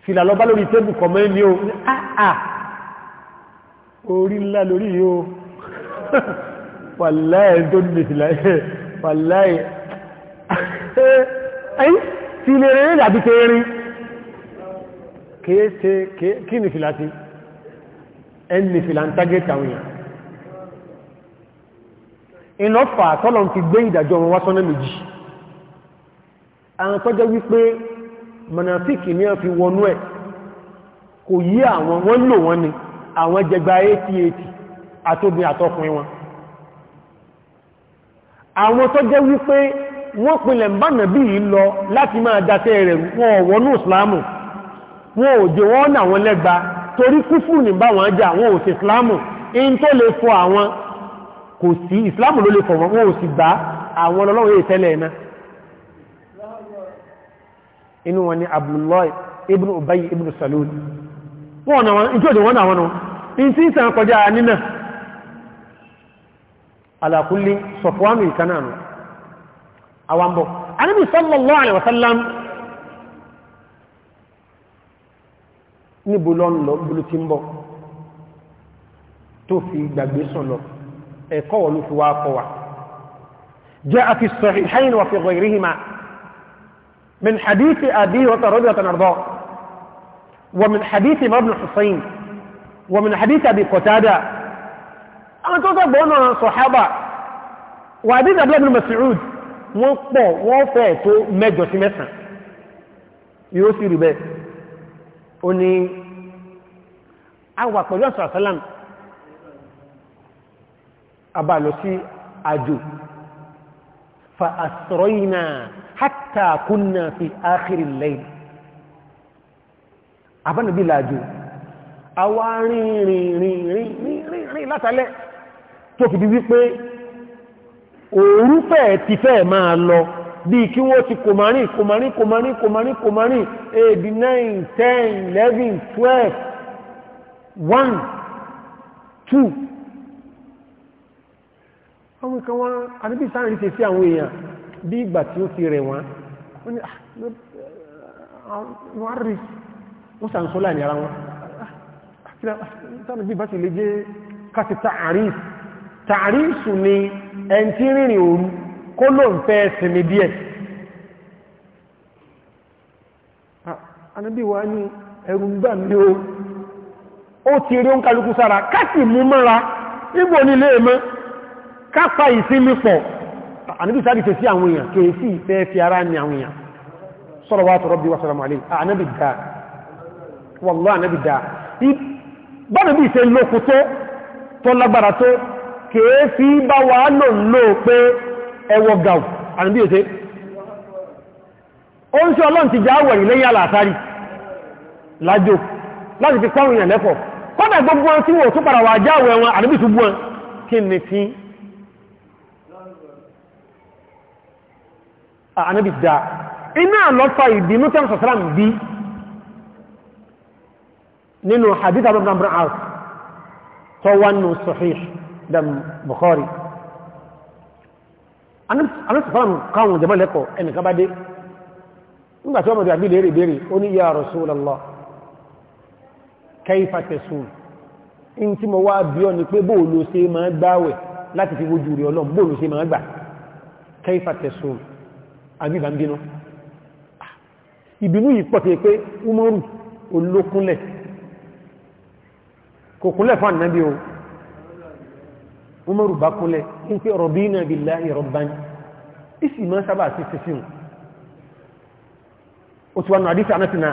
fìlà lọ bá lórí tébù kọmọ ẹni o àà orí ńlá lórí yóò wàláì tó dìde fìlà wàláì ẹ̀yìn tí ilé rẹ̀ dàbí kẹrin kéèsè kí ní fìlà sí ẹni fìlà ń tágé tàwíyàn ìlọ́fà tọ́lọ̀ ti gbé ìdàjọ́ wọn wá sọ́nà méjì àwọn tọ́jọ́ wípé mọ̀nàfíkì ní ọ fi wọnú ẹ̀ kò yí àwọn wọ́n lò wọ́n ni àwọn jẹgba 80 àtóbin àtọkùnrin wọn àwọn tó jẹ́ wípé wọ́n pinlẹ̀ mbánàbí yìí lọ láti máa dáṣẹ́ rẹ̀ wọ́n wọnú ìsìlámù wọn ò jẹ́ wọ́n nà wọn lẹ́gba torí kúfù ní bá wọn jà islamu in tó lè fọ àwọn kò sí islamu ló lè fọ wọn wọn ò sì gbá àwọn ọlọ́run èyí tẹ́lẹ̀ ẹ̀ná inú ubayi in sallallahu alaihi wasallam níbo lọ ń lọ búlú tí ń bọ̀ tó fi gbàgbé sùn lọ ẹ̀kọ́ wọ̀ ló fi wá kọ wa جاء في الصحيحين وفي غيرهما من حديث أبي رضي الله عنه ومن حديث ابن حسين ومن حديث أبي قتادة أنا تقول أن صحابة وحديث أبي بن مسعود wọ́n pọ̀ wọ́n fẹ́ tó mẹ́jọ sí mẹ́sàn yóò sì rí bẹ́ẹ̀ ó ní àwà pẹ̀lú ọ̀sọ̀rọ̀sọ́lám àbà lọ sí àjò fa asrayna hatta kunna fi akhiri al-layl àbánàbí làjò àwà rìnrìnrìnrìnrìn látàlẹ́ tó fi di wípé òòrùn ti fẹ́ máa lọ bíi kí wọ́n ti kòmárìn kòmárìn kòmárìn kòmárìn kòmárìn eight nine ten eleven twelve one two àwọn ìkan wọn àdébí sáàrin ti sí àwọn èèyàn bí ìgbà tí ó ti rẹ̀ wọ́n wọ́n ni ah, eh, ah, wọ́n rí wọ́n sàǹsọ́lá ní ara wọn sáàrin ah, bí bá ti lè jẹ́ káti tààrí tààrí sùn ni ẹn tí rìnrìn òru kó ló ń fẹ́ sinmi díẹ̀ anábí ah, wa ní ẹ̀rù ń gbà mí o ó ti rí oúnkàlùkù sára káàkì mú mọ́ra nígbò nílé ẹmọ́ kápa ìsinmi pọ̀ anábí ah, sáàdì fẹ́ sí àwọn èèyàn kèèsí ìfẹ́ fi ara ní àwọn èèyàn sọ́rọ̀ wá tọ̀rọ̀ bí wá sọ́rọ̀ ẹwọ gàù àníbí èsè ó ń ṣe ọlọ́n ti já wẹ̀rì lẹ́yìn àlàáfárí lájò láti fi pọ́rùn ìyàn lẹ́kọ̀ọ́ kọ́dà gbogbo wọn tí wọ́n tó padà wà já wẹ̀ wọn àníbí túbú wọn kí ni tí àníbí dá iná àlọ́fà ìbínú tẹ́mùsọ̀sọ́lá bí nínú hadith abu abdullahi tọwọ́nù sahih dam bukhari anúsùfàánù káwọn jẹmọ́ lẹ́kọ̀ ẹnìkan bá dé nígbàtí ọmọdé àbí lèrè bèèrè ó ní ya Rasulullah kaifa tasul in tí mo wá bí ọ ni pé bóòlò ṣe máa gbáwẹ̀ láti fi wojú rí ọlọ́m bóòlò ṣe máa gbà kaifa tasul àbí ń bínú ìbínú yìí pọ̀tẹ̀ pé umaru olókúnlẹ̀ kòkúnlẹ̀ fún ànábí o umaru bá kúnlẹ̀ ní pé rọ̀bínà billahi rabban isi ma sábà sí sí síun o ti wà náà àdísà náà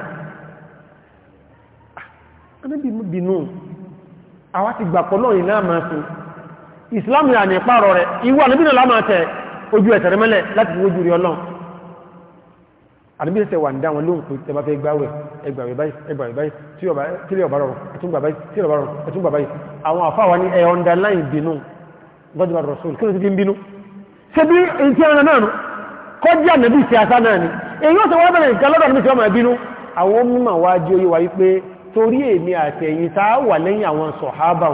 anábì bínú àwa ti gbàpọ̀ náà yìí náà máa fún islam yà ní pààrọ̀ rẹ̀ ìwọ anábì náà lámà tẹ ojú ẹ̀sẹ̀ rẹ̀mẹ́lẹ̀ láti fi ojú rí ọlọ́n anábì sẹ̀sẹ̀ wà ń dá wọn lóhùn pé tẹbá fẹ́ gbáwẹ̀ ẹgbàwẹ̀ báyìí ẹgbàwẹ̀ báyìí tí ọ̀bá rọ̀ ẹ̀túngbà báyìí àwọn àfáwà ní ẹ̀ underline bínú gọ́dùbà rọ̀sùn kí ló ti fi ń bínú ṣe bí èyí tí ẹran náà kọjá nàbí sí asá náà ni èyí ó sọ wọ́n bẹ̀rẹ̀ ìkà lọ́dọ̀ níbi tí wọ́n máa bínú àwọn mímọ̀ wá jí oyé wa wípé torí èmi àti ẹ̀yìn tá wà lẹ́yìn àwọn sọ̀hábà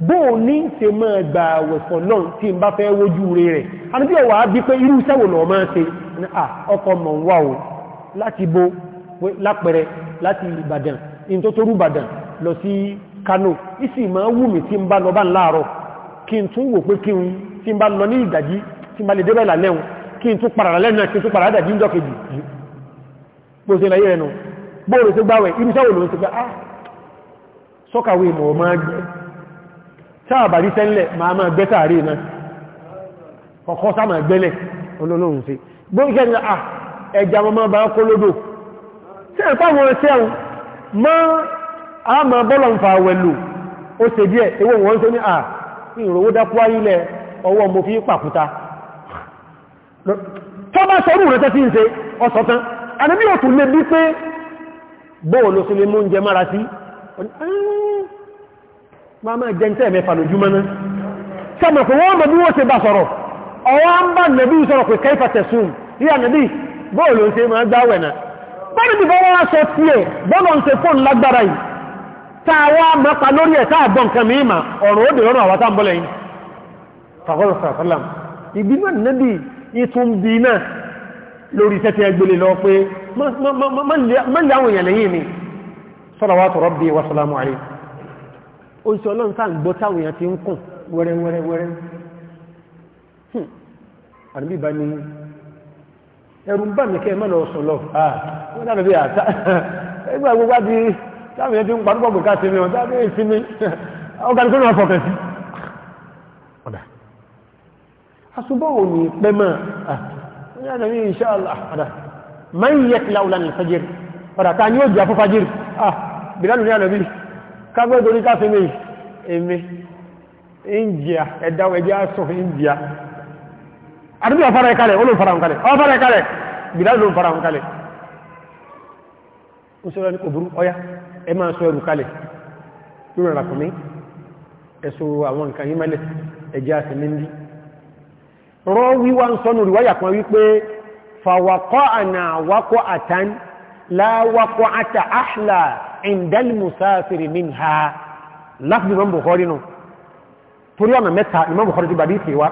bóò ní ṣe mọ́ ẹgbà àwẹ̀fọ̀ náà tí n bá fẹ́ wójú rẹ̀ rẹ̀ àníbí ọwà bí pé irú sẹ́wò náà máa ṣe ọkọ̀ mọ̀ ń wà o láti bó lápẹẹrẹ láti Ìbàdàn in tó torú Ìbàdàn lọ sí Kano isi ma wù mí tí n bá lọ bá ń láàárọ̀ kí n tún wò pé kí n tí n bá lọ ní ìdajì tí n bá lè débẹ̀ lálẹ́ ah sọ́kàwé mọ̀ máa sáàbà rí tẹ́lẹ̀ ma máa gbẹ́ tààrí náà ọkọ̀ sáàmà gbẹ́lẹ̀ olóòrùn sí gbóǹkẹ́ ní ah, à ẹja mọ́ bá kó lódò tí ẹ̀ fáwọn ẹ̀ṣẹ́ ẹ̀hùn mọ́ a máa bọ́lọ̀ ń fa wẹ̀lú ó ṣe díẹ̀ ewé wọ́n tó ní à ah, ìrọ̀wó dákúwá ilẹ̀ ọwọ́ mo fi pàkúta tó bá sọ́rù rẹ̀ tẹ́tí ń ṣe ọsọ̀tán àdébí òtún lè bí pé bóòlù sí lè mú oúnjẹ mára sí máa máa jẹ́ tẹ́ mẹ́fà lójúmọ́ náà sọmọ̀ pé wọ́n mọ̀ bí wọ́n ṣe bá sọ̀rọ̀ ọwọ́ ń bá nàbí sọ̀rọ̀ pé kẹfà tẹ̀sùn rí ànàbí bóòlù ṣe máa gbáwẹ̀ náà bọ́ọ̀lù bí wọ́n sọ tí ẹ̀ bọ́ọ̀lù ń ṣe fóònù lágbára yìí táwa mọ́pa lórí ẹ̀ táàbọ̀ nǹkan mìíràn ọ̀rọ̀ ó dèrò àwọn àtàbọ̀lẹ̀ yìí fàkọ́rọ̀ sàfàlàm ìbí náà nàbí ìtún bí náà lórí iṣẹ́ tí ẹ gbélé lọ pé mọ́lẹ̀ àwọn èèyàn lẹ́yìn mi salawatu rabbi wa salamu alayhi ó ń sọ ọlọ́run sáà ń gbọ́ táwọn èèyàn ti ń kùn wẹ́rẹ́wẹ́rẹ́wẹ́rẹ́ hmm. àdúgbì bá ní ẹrù ń bà mí kẹ́ ẹ mọ́nà ọ̀sán lọ ah. wọ́n dàbí àtà ẹgbẹ́ àgbogbo àti táwọn èèyàn ti ń parúgbọ̀ gbẹ̀ká sí mi ọ̀dá bí èsì mi ọ̀gáníkó náà fọkàn sí ọ̀dà asubọ́ ò ní pẹ́ mọ́ ah. ọ̀dà ní ìṣàlá ọ̀dà ni ó jẹ́ fún fajiri ah bìlálù ní ànàbí kágbẹ́gbẹ́ orí káfíní èmi india ẹ̀dá ẹjẹ́ sùn india àdúgbò ọ̀fara ẹ̀kalẹ̀ olóò fara ǹkalẹ̀ ọ̀fara ẹ̀kalẹ̀ bìdálò fara ǹkalẹ̀ ó sọ́rọ̀ ní òbúrú ọya ẹ máa sọ ẹrù kalẹ̀ fàwàkọ́ àná wákọ́ àtán láwákọ́ àtà áhìlá indal musafiri minha lafdi imam bukhari nu torí ọ̀nà mẹ́ta imam bukhari ti bàbí ìfèwá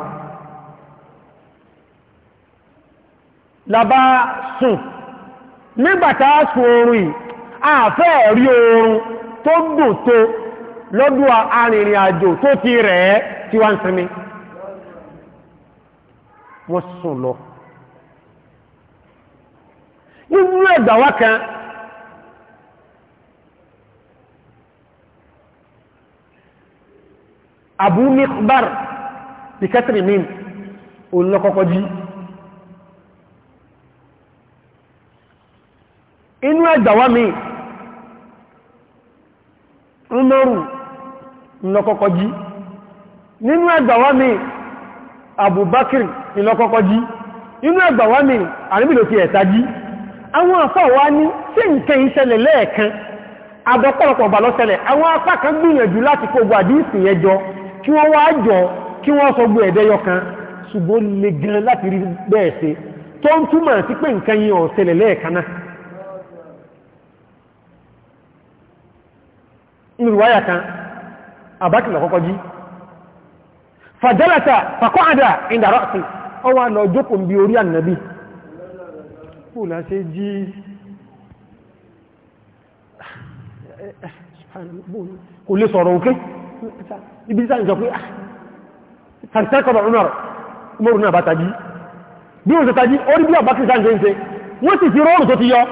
labá sùn nígbàtà sùn oorun yìí àfẹ́ rí oorun tó gùn tó lọ́dún arìnrìn àjò tó ti rẹ̀ tí wá ń sinmi wọ́n sùn lọ nínú ẹgbàwá kan abu mikbar bí kẹsìrì min olókọ́kọ́ jí inú ẹgbàwá mi umaru olókọ́kọ́ jí nínú ẹgbàwá abubakir olókọ́kọ́ ji inu ẹgbàwá mi àríbìlò ti awon jí wa ni ní sí nǹkan ìṣẹ̀lẹ̀ lẹ́ẹ̀kan àbọ̀pọ̀lọpọ̀ bà lọ́sẹ̀lẹ̀ awon apá kan lati ko kó gbàdí ìsìnyẹjọ́ kí wọ́n wá jọ kí wọ́n sọ gbé ẹ̀dẹ́yọ kan ṣùgbọ́n lè gan láti rí bẹ́ẹ̀ ṣe tó ń túmọ̀ sí pé nǹkan ìrùwáyà kan àbákìlọ̀ kọ́kọ́ jí fàjálàtà fàkọ́àdà ìdàrọ́sì ọwà lọ jókòó bí orí ànàbí ṣe kò lè sọ̀rọ̀ òkè ibi sáà ìjọ pé ah, àtàkọ̀bà umaru náà bá tají bí o ṣe tají ó rí bí àbákì sáà ń ṣe wọ́n sì ti rọrùn tó ti yọ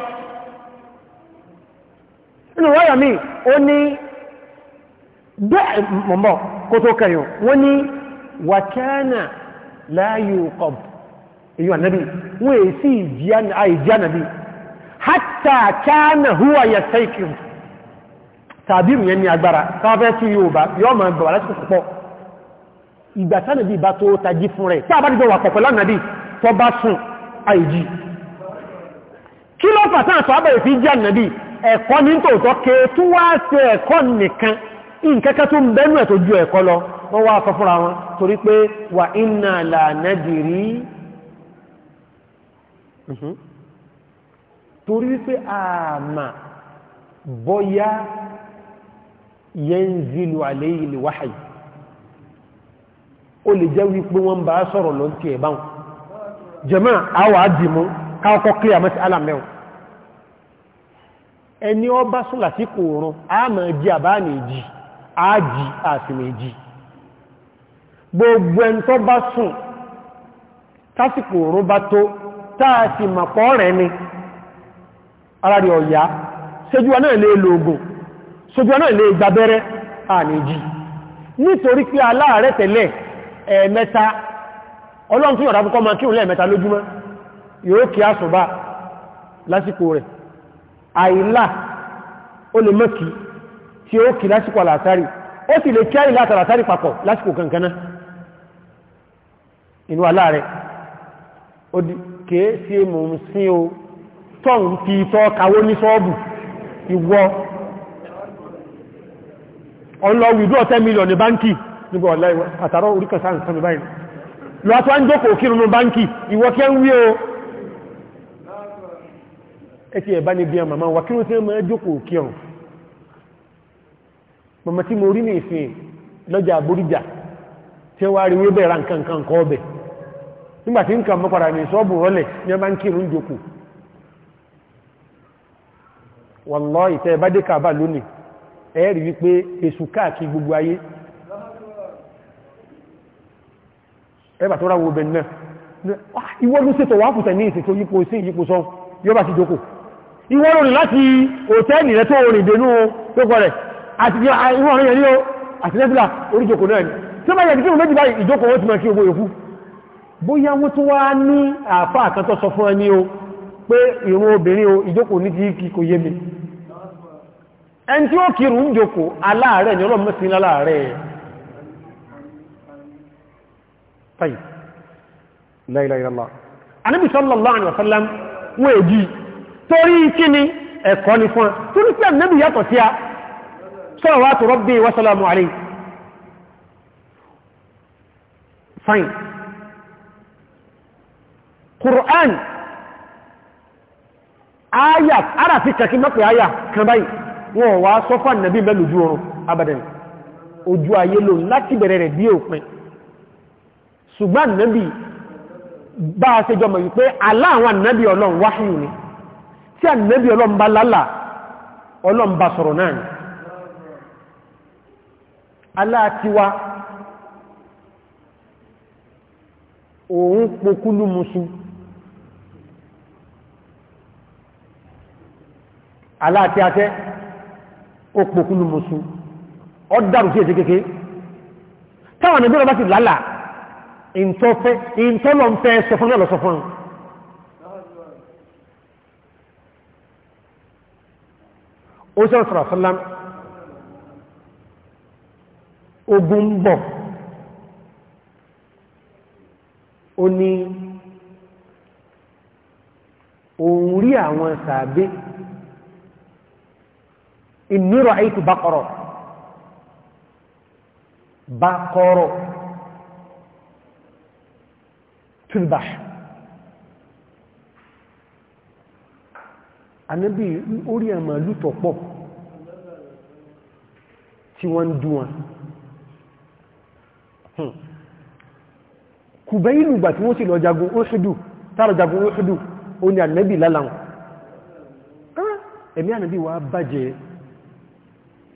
inú wáyà mi ó ní bẹ́ẹ̀ mọ̀mọ́ kó tó kẹyàn wọ́n ní wàkánà láàyò kọ̀b tàbírù yẹn ní agbára káfẹ́ tí yóò bá yọ́ ma bàbá láti púpọ̀ ìgbà tánàbí bá tó tají fún rẹ̀ tí a bá dìjọ wà pọ̀pọ̀ lánàbí tó bá sùn àìjí kí ló fàtà àtọ́ abẹ̀rẹ̀ fi jẹ́ ànàbí ẹ̀kọ́ ní tòótọ́ ké torí pé àmà mhm. bọ́yá yẹnzilu àléyìn lè wáhàyí ó lè jẹ́ wípé wọ́n bá sọ̀rọ̀ lọ tí ẹ̀ báhùn jẹ́mọ́ àwọ̀ àdìmú káwọ́kọ́ clear mẹ́sí alamẹ́un ẹni ọ bá sọ lásìkò oòrùn a mọ̀ jí àbá nìjí ájì àsìmẹ̀jì gbogbo ẹni bá sùn tásìkò oòrùn bá tó táà mọ̀pọ̀ rẹ̀ ni ara ọ̀yá ṣẹ́jú wa náà lè lo ogun sojú ọ̀nà ilé ìgbàbẹ́rẹ́ àníjì nítorí pé aláàrẹ tẹ̀lẹ̀ ẹ̀ẹ̀mẹ́ta ọlọ́run tí yọ̀dá púpọ̀ ma kí òun lẹ́ẹ̀mẹ́ta lójúmọ́ yóò kí àsùbá lásìkò rẹ̀ àìlà ó lè mọ́kí tí ó kí lásìkò àlàtàrí ó sì lè kí àìlà àtàlàtàrí papọ̀ lásìkò kankaná inú aláàrẹ o tọ́ ń fi tọ́ kawó ìwọ ọlọ withdraw 10 million ní báńkì nígbà ọ̀láìwọ̀ àtàrọ oríkà sáà nǹkan mi báyìí lọ tó ń jókòó kí nínú báńkì ìwọ kí ń wí o ẹ̀tì ẹ̀bá ní bí i màmá wà kí ló tí ó máa jókòó kí ọ̀n màmá tí mo rí ní ìfin lọ́jà àbúríjà tí wá rí wébẹ̀ ra nǹkan nǹkan kọ́ ọbẹ̀ nígbàtí nǹkan mọ́ padà ní ṣọ́ọ̀bù ìtẹ́ ẹ̀bá kàbà lónìí ẹ̀rí wípé èṣù káàkiri gbogbo ayé ẹbà tó ráwọ obẹ̀ náà ìwọ́n ló ṣètò wà fùtẹ̀ ní ìsìnkú yípo sí ìyípo sọ yọba ti jókò ìwọ́n rìn láti òtẹ́ẹ̀lì rẹ tó rìn dénú ah, ni tí ó bá yẹ kí méjì báyìí ìjókò wọ́n ti mọ̀ kí ogbó yòókù bóyá wọ́n tó wá ní àfáà kan tó sọ fún ẹni o pé ìrún obìnrin o ìjókò ní ti kò yé mi ẹni tí ó kírù ń jòkó aláàrẹ̀ ni ọlọ́run mẹ́sìn aláàrẹ̀ tayi la ilaha illallah anábì sallallahu alaihi wasallam wọ́n èjì torí kí ni ẹ̀kọ́ ni fún tó ní pé ànábì yàtọ̀ sí a salawatu rabbi wa fine Qur'an ayat ara fi kàkí mọ́pẹ̀ ayat kan wọn wá sọ́fà nàbí mẹ́lú ojú oorun abadan ojú ayé lò láti bẹ̀rẹ̀ rẹ̀ bí òpin ṣùgbọ́n nàbí bá a ṣe jọmọ̀ wípé aláwọn nàbí ọlọ́run wáhíyù ni tí a nàbí aláàtí atẹ́ òpòkúnnù mọ̀sù ọ̀dàrù sí èsì kéke táwọn ẹgbẹ́ bá ti lálà ìntọ́fẹ́ ìntọ́lọ̀ ń fẹ́ sọ fún ọlọ́sọ fún ó sọ sọ̀rọ̀ sọ́lá ogun bọ̀ ó ní òun rí àwọn sàbẹ́ inni ra'aytu baqara baqara tuzbah ànábì orí àmà lútọ̀ pọ̀ tí wọ́n ń dún wọn hmm. kùbẹ́ ìlú gbà tí wọ́n sì lọ jagun ó ṣúdù tààrà jagun ó ṣúdù ó ní ànábì lálàun ah, ẹ̀mí ànábì wà bàjẹ́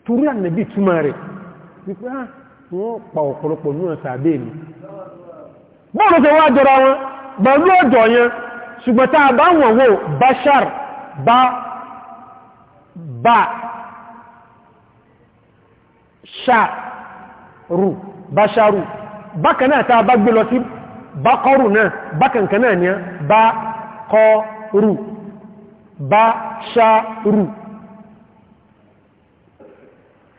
torí ànàbí túmọ̀ rẹ̀ wípé á ah, wọ́n pa ọ̀pọ̀lọpọ̀ náà sàbẹ̀ mi bọ́ọ̀lù tó wá jọra wọn pẹ̀lú ọ̀dọ̀ yẹn ṣùgbọ́n bá wọ̀n wò bashar bá bá ṣàrù basharu bákan náà tá a bá gbé lọ sí bákọrù náà bákankan náà ni bá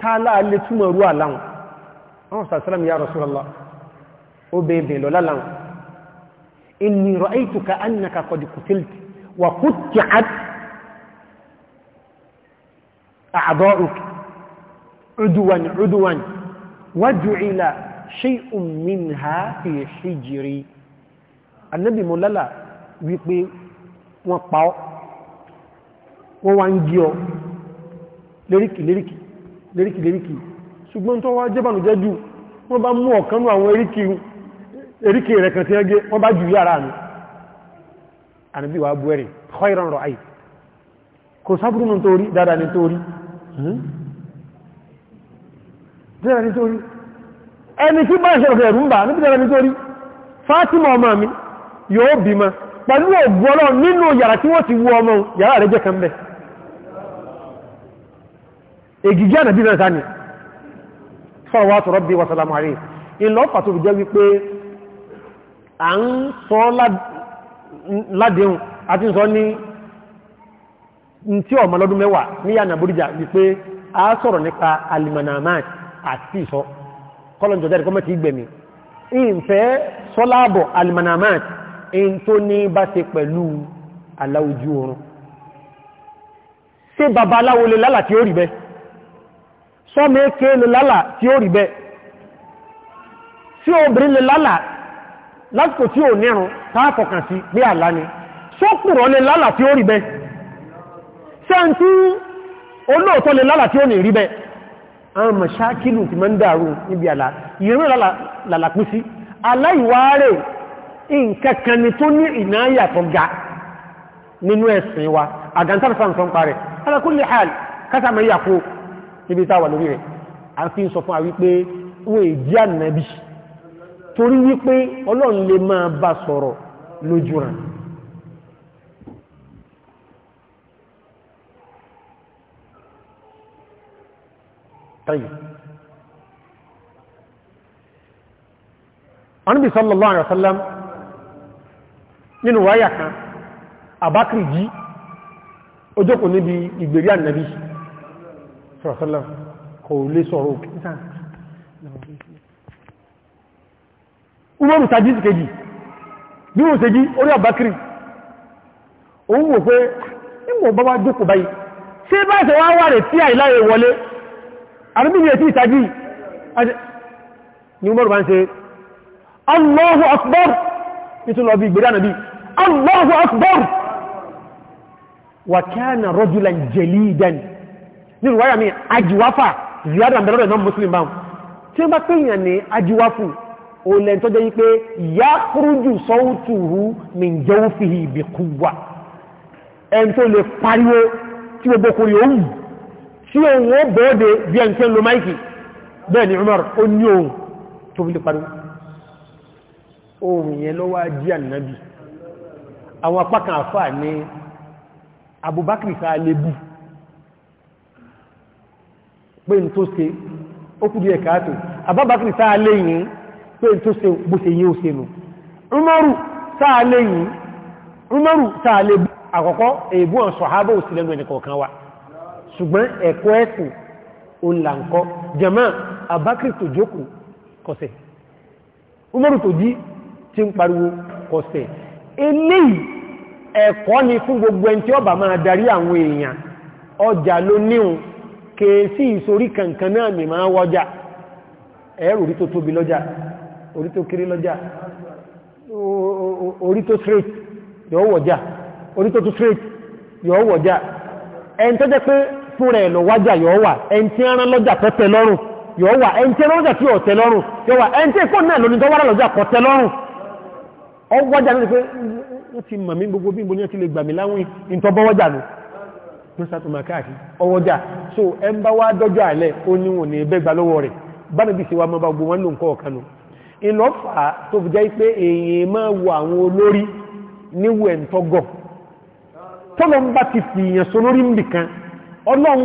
tààlà lè túnmọ̀ rú àláhùn ọ́n sàtàlám ya Rasulullah ó bèèbè lọ láláhùn inni ra'aytuka annaka qad qutilta wa qutti'at a'dha'uka udwan udwan wa ju'ila shay'un minha fi hijri annabi mulala wípé wọ́n pa wọ́n wá ń gí ọ léríkì léríkì léríkì léríkì ṣùgbọ́n tó wá jẹ́bànú jẹ́jú wọ́n bá mú ọ̀kan ní àwọn eríkì rẹ̀ kan tí wọ́n gé wọ́n bá jù yára mi àníbí wà bú ẹ̀rìn khairan rọ̀ àì kò sábúrú ní torí dáadáa ní torí hmm? ẹni tí bá ìṣẹ̀rọ̀ ẹ̀rù ń bà níbi dáadáa ní ègìgí ànàbí náà sáni salawatu rabbi wa salamu alayhi ìlọ́pàá tó fi jẹ́ wípé à ń sọ ládéhùn àti sọ ní tí ọmọ lọ́dún mẹ́wàá ní yànà bóríjà wípé a sọ̀rọ̀ nípa alimanamat àti ìsọ kọlọ̀njọ́ jẹ́ ìkọ́mẹ́tì ìgbẹ̀mí ìfẹ́ sọ́láàbọ̀ alimanamat in tó ní lálàtí ó rí bẹ́ẹ̀ sọ́mọ eke lè lálà tí ó rí bẹ́ẹ̀ tí obìnrin lè lálà lásìkò tí ò nírun táàkọ̀kàn sí pé àlá ni sọ́kùrọ̀ lè lálà tí ó rí bẹ́ẹ̀ sẹ́ntí olóòtọ́ lè lálà tí ó ní rí bẹ́ẹ̀ àwọn mọ̀ṣákìlù ti mọ́ ń dàrú níbi àlá ìrìn lálàpín sí aláìwárẹ̀ ìǹkankanni tó níbi táwà lórí rẹ̀ a fi ń sọ fún àwí pé wọ́n èdí ànàbí torí wípé ọlọ́run lè máa bá sọ̀rọ̀ lójú rẹ̀ tayib Ànábì sallallahu alaihi wasallam nínú wáyà kan àbákìrì jí ojókòó níbi ìgbèrí ànàbí sọ̀rọ̀sọ́lọ́ kò lè sọ̀rọ̀ òkè umaru tají sí kejì bí wọ́n se jí orí àbákiri òun wò pé ìmọ̀ bá wá jókò báyìí ṣe bá ṣe wá wà rẹ̀ tí àìláyè wọlé àrùbíyẹ tí ìtají ni umaru ní ìwáyà mi ajiwafa ziyada bẹ̀rẹ̀ náà muslim bá tí ó bá pèèyàn ní ajiwafu o lẹ́ tó jẹ́ wípé ya kúrújù sọ́wọ́tùrú mi jẹ́ ó fi ìbì kúwà ẹn tó lè pariwo tí gbogbo kò yóò wù tí òun ó bọ́ọ̀dẹ̀ bí ẹn tẹ́ lo máìkì bẹ́ẹ̀ ni Umar ó ní òun tó fi lè pariwo ohun yẹn ló wá jí ànábì àwọn apákan àfà ní Abubakar sáà lébù pé n tó ṣe ó kú díẹ̀ káàtò àbábákìrì sáà lẹ́yìn pé n tó ṣe bó ṣe yí ṣe nù Umaru sáà lẹ́yìn Umaru sáà lè bú àkọ́kọ́ èébú àwọn sọ̀hábà ò sí lẹ́nu ẹni kọ̀ọ̀kan wa ṣùgbọ́n ẹ̀kọ́ ẹ̀sìn ó ń là ń kọ́ jàmá àbákìrì tó jókòó kọsẹ̀ ni fún gbogbo kèèsí ìsorí kankan náà ni máa wọ́já ẹ̀rù orí tó tóbi lọ́já orí tó kéré lọ́já orí tó straight yọ wọ̀já orí tó tó straight yọ wọ̀já ẹn tó jẹ́ pé fún rẹ̀ lọ wájá yọ wà ẹn tí ara lọ́jà tó tẹ lọ́rùn yọ wà ẹn tí lọ́jà tí ò tẹ lọ́rùn yọ wà ẹn tí kò náà lóní tọ́wọ́rọ̀ lọ́jà kò tẹ lọ́rùn mọ́sátùmákáàkì ọwọ́já so ẹn bá wá dọ́jọ́ àlẹ́ ó níwọ̀n ní ẹgbẹ́gbà lọ́wọ́ rẹ̀ bánàbí sí wa mọ́ bá gbogbo wọn ló ń kọ́ ọ̀kanú ìlọ́fà tó fi jẹ́ pé èèyàn máa wo àwọn olórí níwò ẹ̀ntọ́gọ̀ tọ́lọ ń bá ti fi èèyàn so lórí ń bì kan ọlọ́run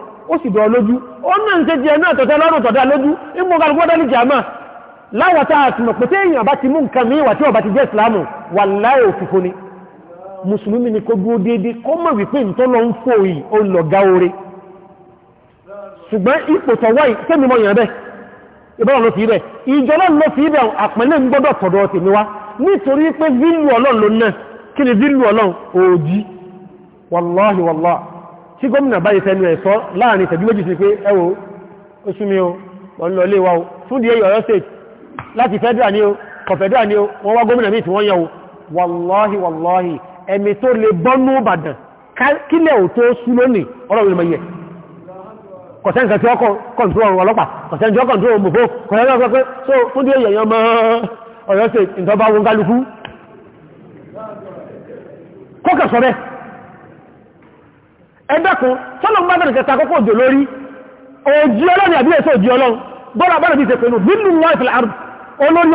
ó sì dọ̀ lójú ó náà ń tẹ́jẹ́ náà tọ́tẹ́ lọ́rùn tọ́tẹ́ lójú ìmú galgbọ́dá ní jàmá láwọ̀tá àtìmọ̀ pẹ̀tẹ́ èèyàn bá ti mú nǹkan mí wà tí ọba ti jẹ́ ìsìlámù wà láì òfìfo ni ni kó dúó déédéé kó mọ̀ wípé ìtọ́lọ ń fò yìí ó lọ ga ore ṣùgbọ́n ipò tọ̀wọ́ yìí tẹ́mi mọ̀ yàn bẹ́ ìbọ̀rọ̀ ló fi bẹ̀ ìjọ náà ló fi bẹ̀ àpẹẹlẹ́ ń gbọ́dọ̀ tọ̀dọ̀ tèmi wá nítorí pé vílù tí gómìnà bá yìí fẹ́nu ẹ̀sọ́ láàrin ìtẹ̀jú méjì sí pé ẹwọ oṣù mi o ọlọ ilé wa o fún di Ọ̀yọ́ state láti federal ni o confederal ni o wọ́n wá gómìnà míì tí wọ́n yẹ o wàláhì wàláhì ẹ̀mí tó lè bọ́nú Ìbàdàn kílẹ̀ ò tó sú lónìí ọlọ́run ìmọ̀ yẹ kọ̀sẹ́ǹsẹ̀ tí ọkọ̀ kọ̀ǹtúrò ọ̀rùn ọlọ́pàá kọ̀sẹ́ǹsẹ̀ ọkọ̀ kọ̀ǹtúrò òmùfó kọ̀sẹ́ǹsẹ̀ ọkọ̀ pé so fún díẹ̀ yẹ̀yàn mọ́ Ọ̀yọ́ state ìjọba wọn kálukú kókẹ̀ sọ ẹgbẹ́kun sọ́lọ́n bá bẹ̀rẹ̀ kẹta kọ́kọ́ òjò lórí òjì ọlọ́run àbí èso òjì ọlọ́run bọ́lá bọ́lá bí ìsẹ̀pẹ̀nu bínú wọn ìfìlà àrùn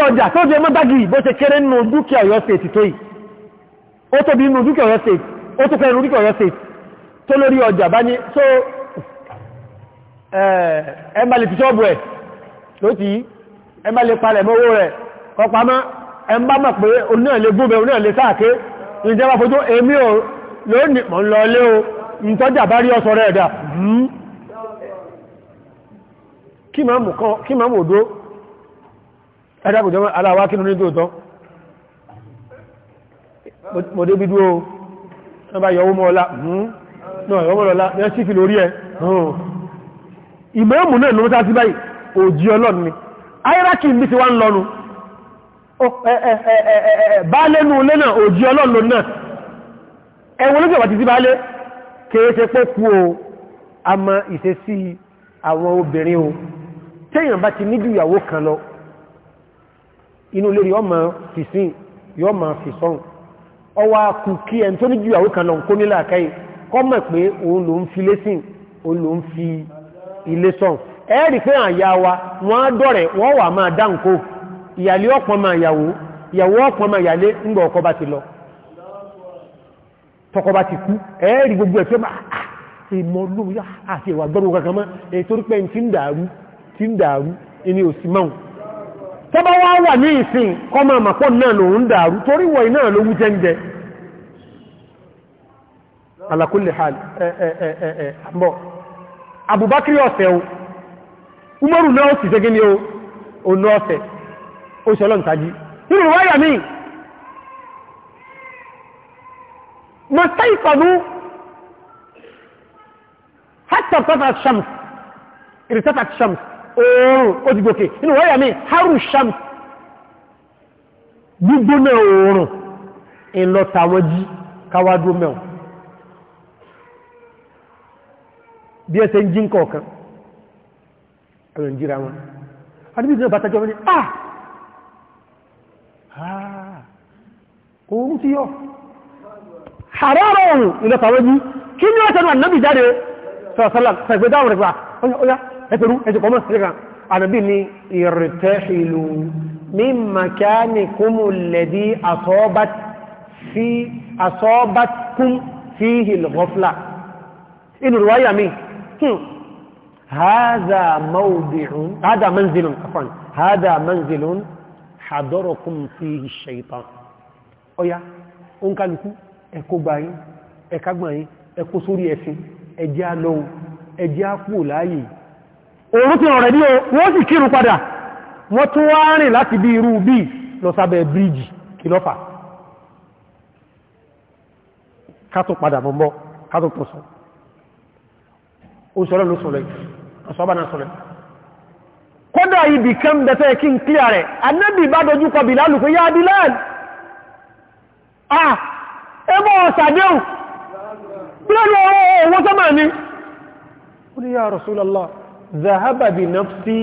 ọjà tó jẹ mọ́ dágì bó ṣe kéré nínú dúkìá Ọ̀yọ́ state tó yìí ọjà so eh, ìjẹba fojú èmi ò lónìí mọ̀ ń lọ lé o ìtọ́jà bá rí ọsọ rẹ̀ ẹ̀dà hmm. kí máa mú odó ẹ̀dàkùnjọ́ aláwá kí ní tóòtọ́ mo dé bí dúó wọ́n bá yọwó mọ́ọ́lá hmm. hmm. náà yọwó mọ́ọ́lá ní ẹ́ síkì lórí ẹ̀ ìmọ̀ náà ló mọ́ta sí báyìí òjì ọlọ́run ni ayéraki bí ti wá ń lọ́nu bá lẹ́nu lẹ́nà òjì ẹ̀wọ̀n lókè wà ti sí bá lẹ́ kéése pé kú o a mọ ìṣesí àwọn obìnrin o téèyàn bá ti níbi ìyàwó kan lọ inú lórí ọmọ fìsín ma mọ fìsọ́n ọwọ́ akù kí ẹni tó níbi ìyàwó kan lọ kó nílà káyì kọ́ mọ̀ pé òun ló ń fi lẹ́sìn òun ló ń fi ilé sọ̀n ẹ̀ẹ́rì pé àyà wa wọ́n á dọ̀rẹ̀ wọ́n wà máa dáǹkó ìyàwó ọ̀pọ̀ máa yàlé bá ti lọ tọkọ bá ti kú ẹ̀ẹ́rì gbogbo ẹ̀fẹ́ máa ah, ìmọ̀ olóòyà àti ìwà gbọ́rù kankan mọ́ ètò pẹ́ tí ń dàrú tí ń dàrú ní òsì máa tọ́bá wá wà ní ìsìn kọmọ àmàpọ̀ náà ló ń dàrú torí wọ̀ iná ló wú jẹ́ǹjẹ́ ala kulli hal Abubakar ọ̀sẹ̀ o Umaru náà ó sì jẹ́gẹ́ o ó ọ̀nà ọ̀sẹ̀ ó ṣọlọ́ntají nínú wáyà míì ما استيقظوا حتى ارتفعت الشمس ارتفعت الشمس اوه اوكي انه هو يعني حر الشمس gbígbóná oòrùn ìlọ tàwọn jí káwàdó mẹ́wọ̀n bí ẹsẹ̀ ń jí ń kọ̀ọ̀kan àwọn ìjíra wọn adébíjì náà bàtàjọ́ wọ́n ni ah oòrùn ti yọ حرام ان تاوجي كيني واتن النبي جاري صلى الله عليه وسلم فداو ركوا اويا هترو هجو كومن سيكا انا بيني يرتحل من مكانكم الذي اصابت في اصابتكم فيه الغفله ان إيه روايه مين هذا موضع هذا منزل عفوا هذا منزل حضركم فيه الشيطان اويا ان كانكم ẹ̀kógbà yín ẹ̀kágbà yín ẹ̀kó sórí ẹ̀sìn ẹjẹ́ alọ́un ẹjẹ́ àpò láàyè òun ti rọ̀rẹ̀ ní o wọ́n sì kírun padà wọ́n tún wá rìn láti bí irú bí lọ sábẹ̀ bíríjì kìlọ́fà kátó padà bọ̀mọ́ kátó pọ̀sọ̀ oṣùọ́lọ́ ló sọ̀rọ̀ ọ̀sọ́bánà sọ̀rọ̀ kódà ibì kan bẹ̀tẹ̀ kí n kílẹ̀ rẹ̀ anẹ́bì bá dojú kọ bìlálù pé yá bìlálù ah ọ̀sàdéhùn tí ó lọ owó sọ́mà ní ó ní ya Rasulullah zahaba bi nafsi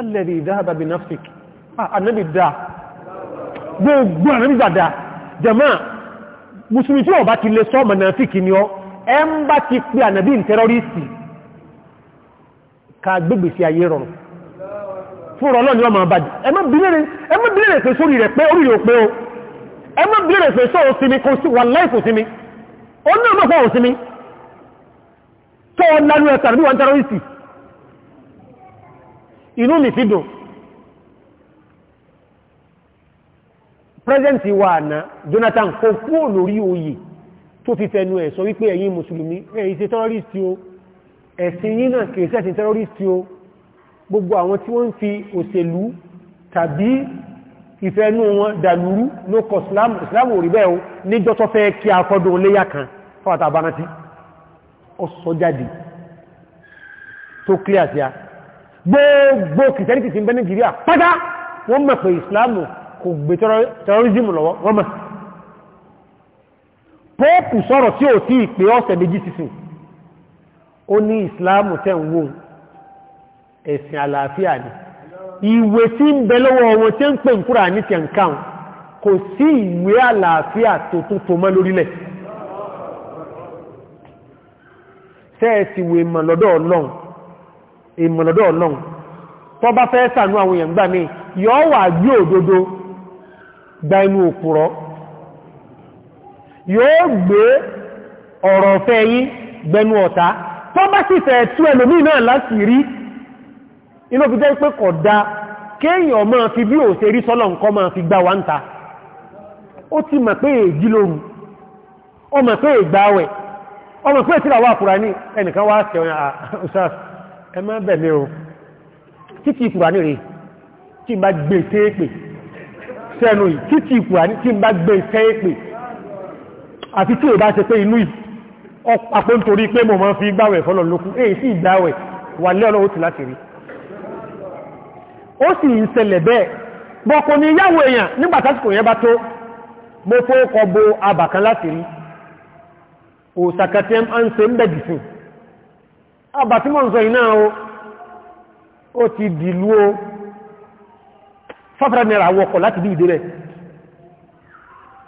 alladhi zahaba bi nafsik annabi da gbogbo annabi dada jama musulmi tí ó bá ti lè sọ manafiki ni ọ ẹ ń bá ti pè ànàbí ìntẹ́rọrìsì ka gbégbè sí ayé rọrùn fún ọlọ́ni ọmọ àbájì ẹmọ́ bílẹ̀ rẹ̀ pé sórí rẹ̀ pé orí rẹ̀ pé o ẹ mọ́ bèèrè pé sọ òsinmi kò sí wà láìfò sí mi ó ní ọmọ fún òsinmi tó lánú ẹ̀ta ní wọn tẹ́rọrìsì inú mi fi dùn pírẹ́sẹ̀ntì wa Jonathan kò fún olórí oyè tó fi fẹnu ẹ̀ sọ wípé ẹ̀yin mùsùlùmí ẹ̀yin ṣe tẹ́rọrìsì o ẹ̀sìn yìí náà kìí ṣẹ̀sìn tẹ́rọrìsì o gbogbo àwọn tí wọ́n ń fi òṣèlú tàbí ìfẹ́nú wọn dàlúrú ló kọ ìsìláàmù orí bẹ́ẹ̀ o níjọ́ tó fẹ́ kí akọ́dún léyà kan fọ́wàtà abánátí ó sọ jáde tó clear sí a gbogbo kìtẹ́rìtì sí bẹ́ Nàìjíríà pátá wọ́n mọ̀ pé ìsìláàmù kò gbé terrorism lọ́wọ́ wọ́n mọ̀ ń wó ni ìwé tí ń bẹ lọ́wọ́ wọn tí ń pè ń kúrà ní ti ǹkan kò sí ìwé àlàáfíà tó tó tó mọ́ lórílẹ̀ sẹ́ẹ̀sì wo ìmọ̀lọ́dọ̀ ọlọ́run ìmọ̀lọ́dọ̀ ọlọ́run tó bá fẹ́ sànú àwọn èèyàn gbà mí yọ́ wà gbé òdodo gba inú òpùrọ́ yóò gbé ọ̀rọ̀ fẹ́ yí gbẹnu ọ̀tá tó bá sì fẹ́ tú ẹlòmí náà láti rí inú fi jẹ́ pé kọ̀ da kéèyàn máa fi bí òṣè rí sọ́lọ̀ nǹkan máa fi gbá wáńta ó ti mọ̀ pé èjì lóru ó mọ̀ pé ègbà wẹ̀ ó mọ̀ pé tíra wà fúra ní ẹnìkan wá ṣẹ̀ ọ̀sán ẹ má bẹ̀mí o títí ìkùrà ní rèé tí n bá gbé téèpè sẹ́nu yìí títí ìkùrà ní tí n bá gbé téèpè àti tí ò bá ṣe pé inú yìí àpò nítorí pé mo máa fi gbáwẹ̀ fọ́lọ̀ lókun èyí sì gbáwẹ̀ wà lé ọlọ́wọ́ ti láti rí ó sì ń ṣẹlẹ̀ bẹ́ẹ̀ bọ́kọ ni yáwó èèyàn nígbà tásìkò yẹn bá tó mo fóókọ bo abàkan láti rí òsàkàtẹ́ ń se ń bẹ̀dì sí o ti dìlú o fáfàrà nẹ́ra wọkọ̀ láti bí ìdí rẹ̀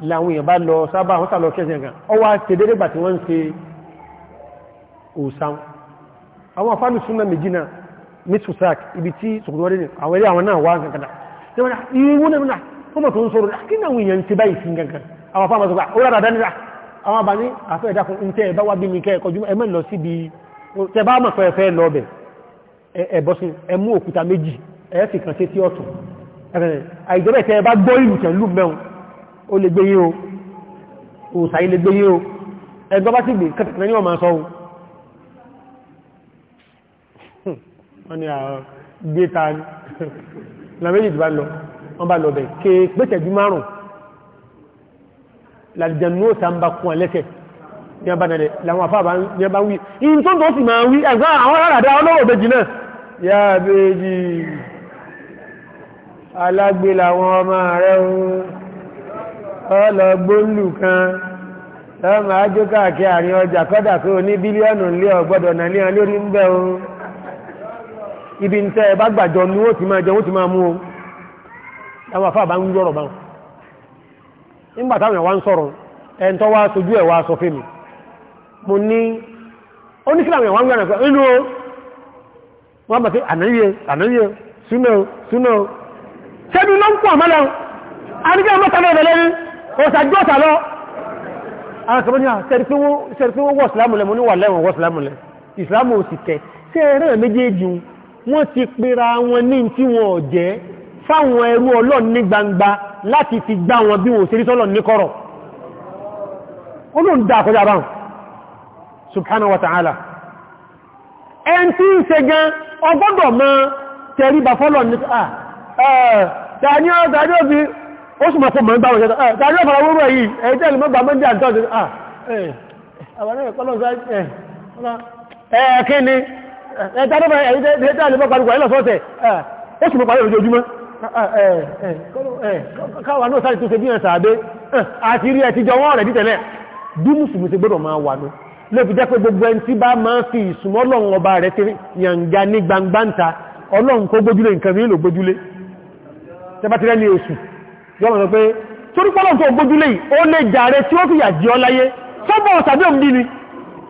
láwọn èèyàn bá lọ sábà wọ́n sàlọ kẹsẹ̀gàn ọwá tẹ́dẹ́rẹ́gbà tí wọ́n ń se òsàn àwọn afálùsúnà méjì náà mitsusak ibi tí sọ̀kùnwọ́dé ni àwọn ilé àwọn náà wá kankana tí wọ́n ni ìwọ́n náà wọ́n mọ̀ tó ń sọ̀rọ̀ ah, kí náà wùnyàn ti báyìí sí kankan àwọn fáwọn sọ̀kà ah, ó rárá dánira ah. àwọn àbá ní àfẹ́ ìdákun ń tẹ́ ẹ̀bá wá bí ní kẹ́ẹ̀kọ́ jùmọ́ ẹmẹ́ lọ sí bí tẹ bá mọ̀ pẹ́ẹ̀fẹ́ lọ bẹ̀ ẹ̀bọ́ sí ẹmú òkúta méjì ẹ fi kan sí tí ọ̀tún àìjẹ́bẹ̀ tẹ gbé kẹtẹ̀kẹ́ ní ọmọ sọ́hun wọ́n ni àwọn gbéta lámẹ́jì tí bá lọ wọ́n bá lọ bẹ̀ ké pẹ́tẹ̀jú márùn làlìjànú ó ta ń bá kún ẹlẹ́kẹ̀ ní abánadẹ̀ làwọn àfáàbá ní abá wí in tó tó ọmọ rẹ̀ ọlọ́gbóǹlù àrin ọjà kọ́dà kó ní bílíọ̀nù lé ọgbọ́dọ̀ nà ní ọlórí ń bẹ̀ ohun ibi ń tẹ́ ẹ bá gbàjọ ní ó ti máa jẹ ó ti máa mú o àwọn àfáà bá ń yọ̀rọ̀ bá wọn nígbà táwọn ìwà ń sọ̀rọ̀ ẹn tó wá sojú ẹ̀ wá sọ fún mi mo ní ó ní sílàmù ìwà ń gbẹ̀rẹ̀ pẹ̀lú inú o wọ́n bá ti ànáyé ànáyé súnà súnà ṣẹ́bí ló ń kún àmọ́lẹ̀ àríkẹ́ mọ́tàlẹ̀ ìrẹ̀lẹ́ ní òṣàjọ́ta lọ àwọn kẹfẹ́ ní àṣẹ́rí pé wọ́n wọ́ ìsìlámù lẹ̀ mo ní wà lẹ́wọ̀n wọ́n ti pera wọn ní tí wọn ò jẹ́ fáwọn ẹrú ọlọ́run ní gbangba láti fi gbá wọn bí wọ́n ṣe rí sọ́lọ̀ ní kọ̀rọ̀ olóòdá àkọjá bá subhanahu wa ta'ala ẹn tí ń ṣe gan ọgbọ́dọ̀ ah, eh, eh, mọ́ tẹríba fọ́lọ̀ ní ẹ̀ẹ́kẹ́ ni ẹ̀ẹ́dẹ́gbẹ̀rẹ̀ ẹ̀ẹ́dẹ́gbẹ̀rẹ̀ lóbi jẹ́ pé gbogbo ẹni tí bá máa fi ìsúnmọ́ Ọlọ́run ọba rẹ̀ tí yànjá ní gbangba ń ta Ọlọ́run kó gbójúlé nǹkan ní ìlò gbójúlé tẹbá ti rẹ́ ní oṣù yọ́mọ̀ sọ pé torípọ́lọ̀ tó gbójúlé ó lè jàre tí ó fi yà jí ọ láyé sọ́bọ̀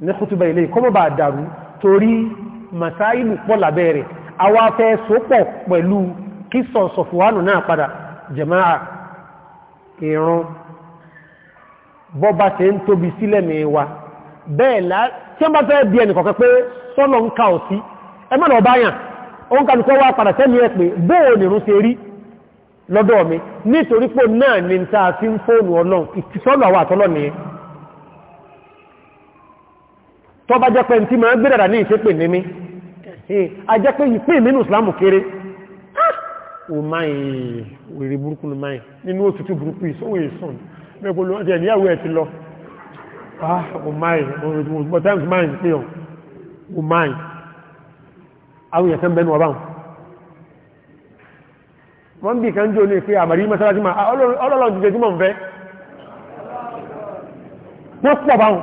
ní kútùbà ilé kọmọ bá dàrú torí masáìlù pọ̀ lábẹ́rẹ̀ awá fẹ́ sópọ̀ pẹ̀lú kíso sọfúwánù náà padà jẹmáà ìrún bọ́bá tẹ ń tóbi sílẹ̀ mẹ́wa bẹ́ẹ̀ lá tí wọ́n bá fẹ́ bí ẹnì kọ̀kẹ́ pé sọ́nà ń ká ọ̀ sí ẹmọ́nà ọbáyàn ó ń kàlùkọ́ wá padà tẹ́mi tó bá jẹ́ pé tí ma ń gbé dàdà ní ìṣépè ní mi a jẹ́ pé ìpé mínú islamu kéré o máì wèrè burúkú ní máì nínú òtútù burúkú ìṣòwò ìṣùn mẹ́gbò ló jẹ́ ìyàwó ẹ̀ ti lọ o máì o máì àwọn èèyàn bẹnu ọba wọ́n bí kan jò ní pé àmàrí mẹ́sàrájímà ọlọ́lọ́ jùjẹjúmọ̀ ń fẹ́ wọ́n pọ̀ báhùn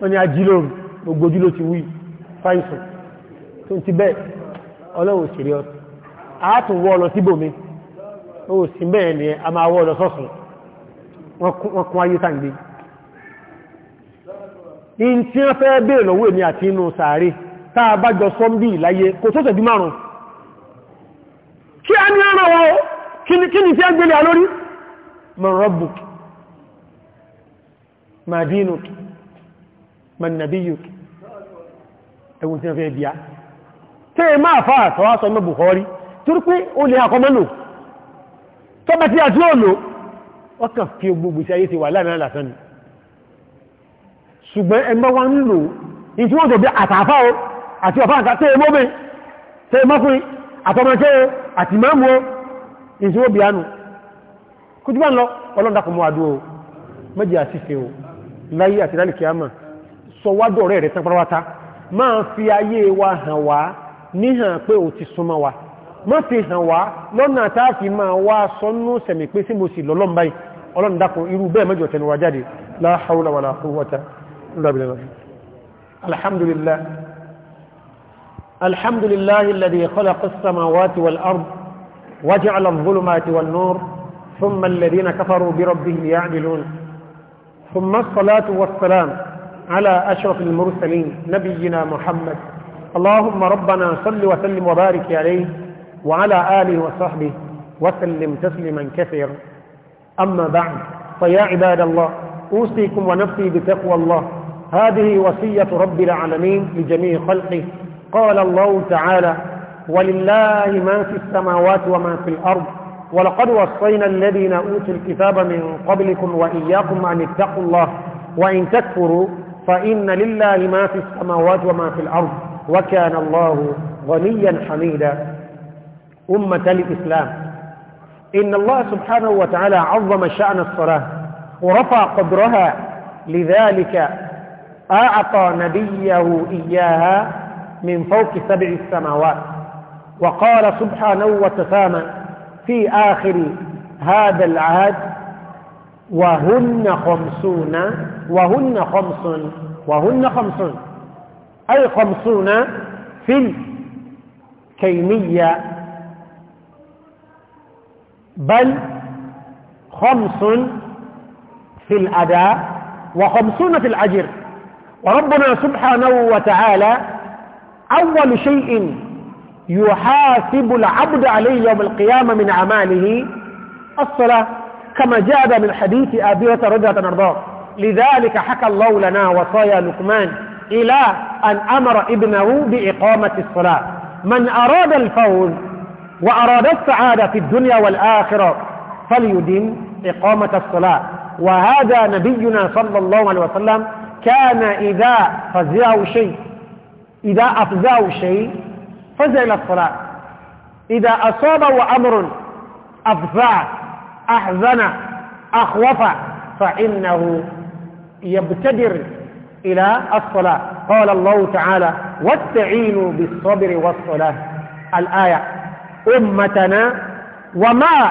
wọ́n ni ajílòrù gbogbo ojúlò ti wí fáìsùn tó ti bẹ́ ọlọ́wọ̀ òṣèré ọ̀tọ̀ àátùn wọ́ ọlọ síbòmí ó sì mẹ́ẹ̀ ni a máa wọ́ ọlọ sọ́sùn wọ́n kún ayé tàǹgbé in tí wọ́n fẹ́ bèèrè lọ́wọ́ èmi àti inú sàárè táa bá jọ sọ́mbì láyé kò tó sẹ̀bí márùn kí a ní ọmọ wọ́n kí ni tí a gbélé alórí mọ̀rọ̀bùk màdínùkì man nabiyuk ẹwùn tí wọ́n fẹ́ bíá tí è máa fà àtọwà sọ mẹ́ bukhari torí pé ó lè àkọmọ́lò tọ́bẹ̀ tí a tí ó lò wọ́n kàn fi gbogbo sí ayé ti wà láàrin àlàsán ni ṣùgbọ́n ẹgbẹ́ wọn ń lò ní wọ́n tó bí àtàfà o àti ọ̀fà àtà tí èmọ́ mi tí àtọmọ́kẹ́ àti mọ́mú o wọ́n bí ánù kújú lọ ọlọ́dàkùnmọ́ àdúró méjì àti ṣe o láyé àti lálìkì sọ wádọ̀ rẹ̀ rẹ̀ tánpáráwátá máa fi ayé wa hàn wá níhàn pé ò ti súnmọ́ wa má fi hàn wá lọ́nà táàfi máa wá sọ́nú sẹ̀mì pé sí mo sì lọ́lọ́m báyìí ọlọ́run irú bẹ́ẹ̀ mẹ́jọ tẹnu jáde la hawla الحمد لله الذي خلق السماوات والأرض وجعل الظلمات والنور ثم الذين كفروا بربهم يعدلون ثم الصلاة والسلام على أشرف المرسلين نبينا محمد اللهم ربنا صل وسلم وبارك عليه وعلى آله وصحبه وسلم تسليما كثيرا أما بعد فيا عباد الله أوصيكم ونفسي بتقوى الله هذه وصية رب العالمين لجميع خلقه قال الله تعالى ولله ما في السماوات وما في الأرض ولقد وصينا الذين أوتوا الكتاب من قبلكم وإياكم أن اتقوا الله وإن تكفروا فإن لله ما في السماوات وما في الأرض وكان الله غنيا حميدا أمة الإسلام إن الله سبحانه وتعالى عظم شأن الصلاة ورفع قدرها لذلك أعطى نبيه إياها من فوق سبع السماوات وقال سبحانه وتسامى في آخر هذا العهد وهن خمسون وهن خمس وهن خمسون أي خمسون في الكيمية بل خمس في الأداء وخمسون في الأجر وربنا سبحانه وتعالى أول شيء يحاسب العبد عليه يوم القيامة من أعماله الصلاة كما جاء من حديث أبيرة رضي الله عنه لذلك حكى الله لنا وصايا لقمان إلى أن أمر ابنه بإقامة الصلاة من أراد الفوز وأراد السعادة في الدنيا والآخرة فليدم إقامة الصلاة وهذا نبينا صلى الله عليه وسلم كان إذا فزعه شيء إذا أفزعه شيء فزع إلى الصلاة إذا أصابه أمر أفزعه أحزن أخوف فإنه يبتدر إلى الصلاة قال الله تعالى واستعينوا بالصبر والصلاة الآية أمتنا وما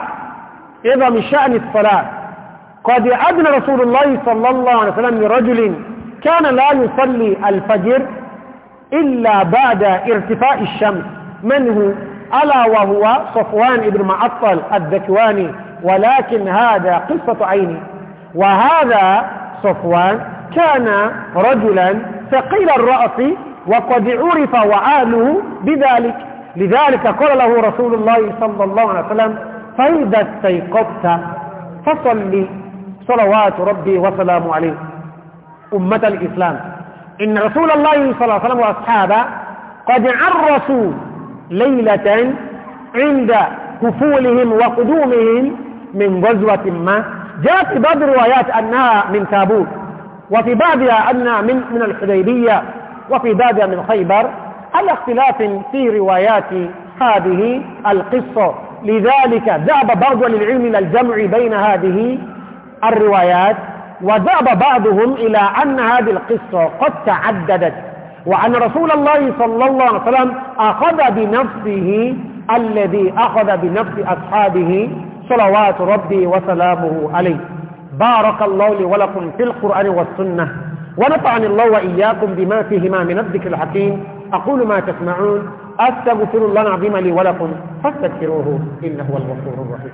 من شأن الصلاة قد أدنى رسول الله صلى الله عليه وسلم لرجل كان لا يصلي الفجر إلا بعد ارتفاع الشمس منه ألا وهو صفوان بن معطل الذكواني ولكن هذا قصة عيني وهذا صفوان كان رجلا ثقيل الرأس وقد عرف وآله بذلك لذلك قال له رسول الله صلى الله عليه وسلم فإذا استيقظت فصلي صلوات ربي وسلام عليه أمة الإسلام إن رسول الله صلى الله عليه وسلم وأصحابه قد عرسوا ليلة عند كفولهم وقدومهم من غزوة ما جاءت في بعض الروايات أنها من تابوت وفي بعضها أنها من, من الحديبية وفي بعضها من خيبر على اختلاف في روايات هذه القصة لذلك ذهب بعض للعلم إلى الجمع بين هذه الروايات وذهب بعضهم إلى أن هذه القصة قد تعددت وأن رسول الله صلى الله عليه وسلم أخذ بنفسه الذي أخذ بنفس أصحابه صلوات ربي وسلامه عليه بارك الله لي ولكم في القرآن والسنة ونفعني الله وإياكم بما فيهما من الذكر الحكيم أقول ما تسمعون أستغفر الله العظيم لي ولكم فاستغفروه إنه هو الغفور الرحيم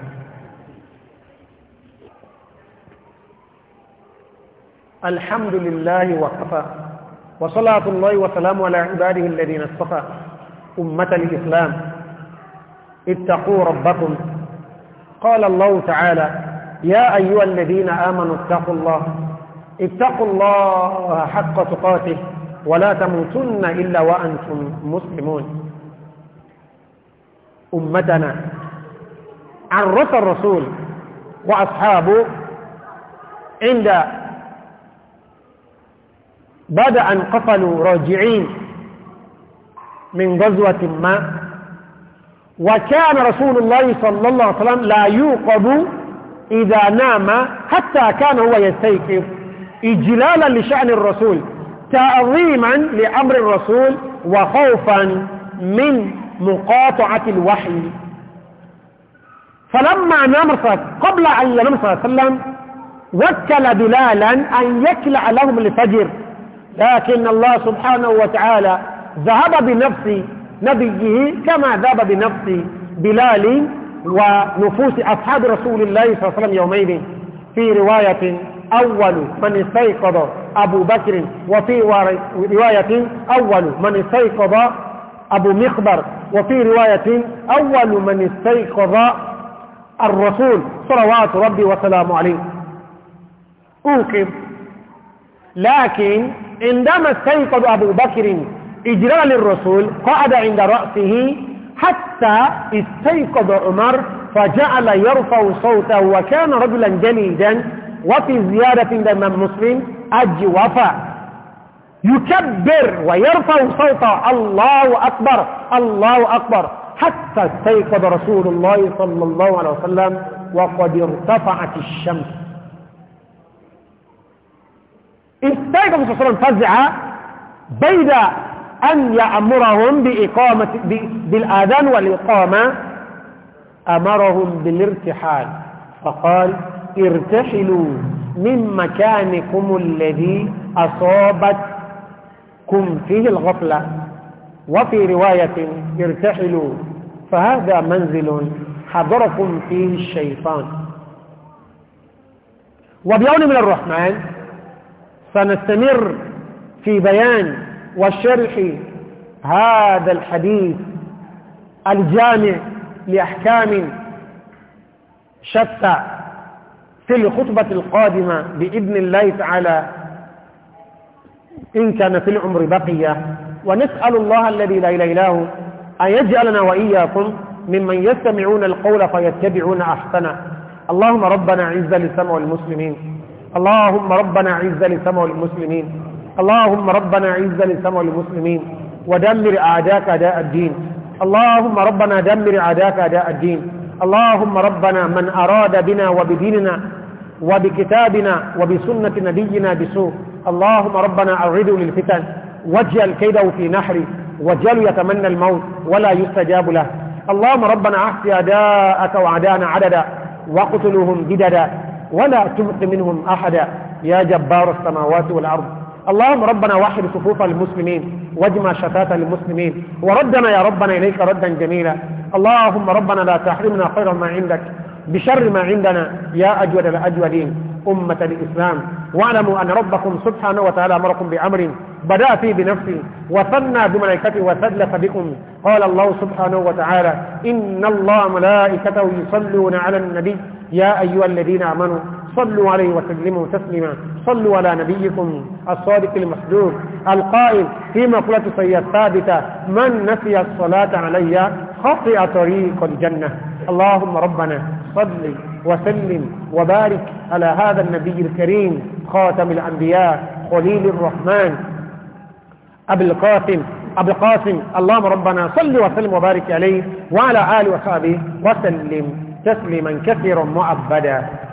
الحمد لله وكفى وصلاة الله وسلامه على عباده الذين اصطفى أمة الإسلام اتقوا ربكم قال الله تعالى يا أيها الذين آمنوا اتقوا الله اتقوا الله حق تقاته ولا تموتن إلا وأنتم مسلمون أمتنا عرف الرسول وأصحابه عند بعد أن قفلوا راجعين من غزوة ما وكان رسول الله صلى الله عليه وسلم لا يوقظ إذا نام حتى كان هو يستيقظ إجلالا لشأن الرسول تعظيما لأمر الرسول وخوفا من مقاطعة الوحي فلما نام قبل أن ينام صلى الله عليه وسلم وكل بلالا أن يكلع لهم الفجر لكن الله سبحانه وتعالى ذهب بنفسه نبيه كما ذاب بنفس بلال ونفوس أصحاب رسول الله صلى الله عليه وسلم يومين في رواية أول من استيقظ أبو بكر وفي رواية أول من استيقظ أبو مخبر وفي رواية أول من استيقظ الرسول صلوات ربي وسلامه عليه أوكب لكن عندما استيقظ أبو بكر إجراء للرسول قعد عند رأسه حتى استيقظ عمر فجعل يرفع صوته وكان رجلا جليدا وفي زيادة لما مسلم أجوفا يكبر ويرفع صوته الله أكبر الله أكبر حتى استيقظ رسول الله صلى الله عليه وسلم وقد ارتفعت الشمس استيقظ صلى الله عليه وسلم فزع بيد أن يأمرهم بإقامة بالآذان والإقامة أمرهم بالارتحال فقال ارتحلوا من مكانكم الذي أصابتكم فيه الغفلة وفي رواية ارتحلوا فهذا منزل حضركم فيه الشيطان وبيعون من الرحمن سنستمر في بيان وشرح هذا الحديث الجامع لأحكام شتى في الخطبة القادمة بإذن الله تعالى إن كان في العمر بقية ونسأل الله الذي لا إله إلا هو أن يجعلنا وإياكم ممن يستمعون القول فيتبعون أحسنه اللهم ربنا عز لسمع المسلمين اللهم ربنا عز لسمع المسلمين اللهم ربنا عز لسمع المسلمين ودمر أعداك أداء الدين اللهم ربنا دمر أعداك أداء الدين اللهم ربنا من أراد بنا وبديننا وبكتابنا وبسنة نبينا بسوء اللهم ربنا أرده للفتن واجعل كيده في نحري وجل يتمنى الموت ولا يستجاب له اللهم ربنا أحسي أداءك وعدانا عددا واقتلهم جددا ولا تبق منهم أحدا يا جبار السماوات والأرض اللهم ربنا وحد صفوف المسلمين واجمع شتات المسلمين وردنا يا ربنا إليك ردا جميلا اللهم ربنا لا تحرمنا خير ما عندك بشر ما عندنا يا أجود الأجودين أمة الإسلام واعلموا أن ربكم سبحانه وتعالى أمركم بأمر بدأ في بنفسي وثنى بملائكته وثلث بكم قال الله سبحانه وتعالى إن الله ملائكته يصلون على النبي يا أيها الذين آمنوا صلوا عليه وسلموا تسليما صلوا على نبيكم الصادق المصدوق القائل في مقولة سيئة الثابتة من نسي الصلاة علي خطئ طريق الجنة اللهم ربنا صل وسلم وبارك على هذا النبي الكريم خاتم الأنبياء خليل الرحمن أبي القاسم أبو القاسم اللهم ربنا صل وسلم وبارك عليه وعلى آله وصحبه وسلم تسليما كثيرا مؤبدا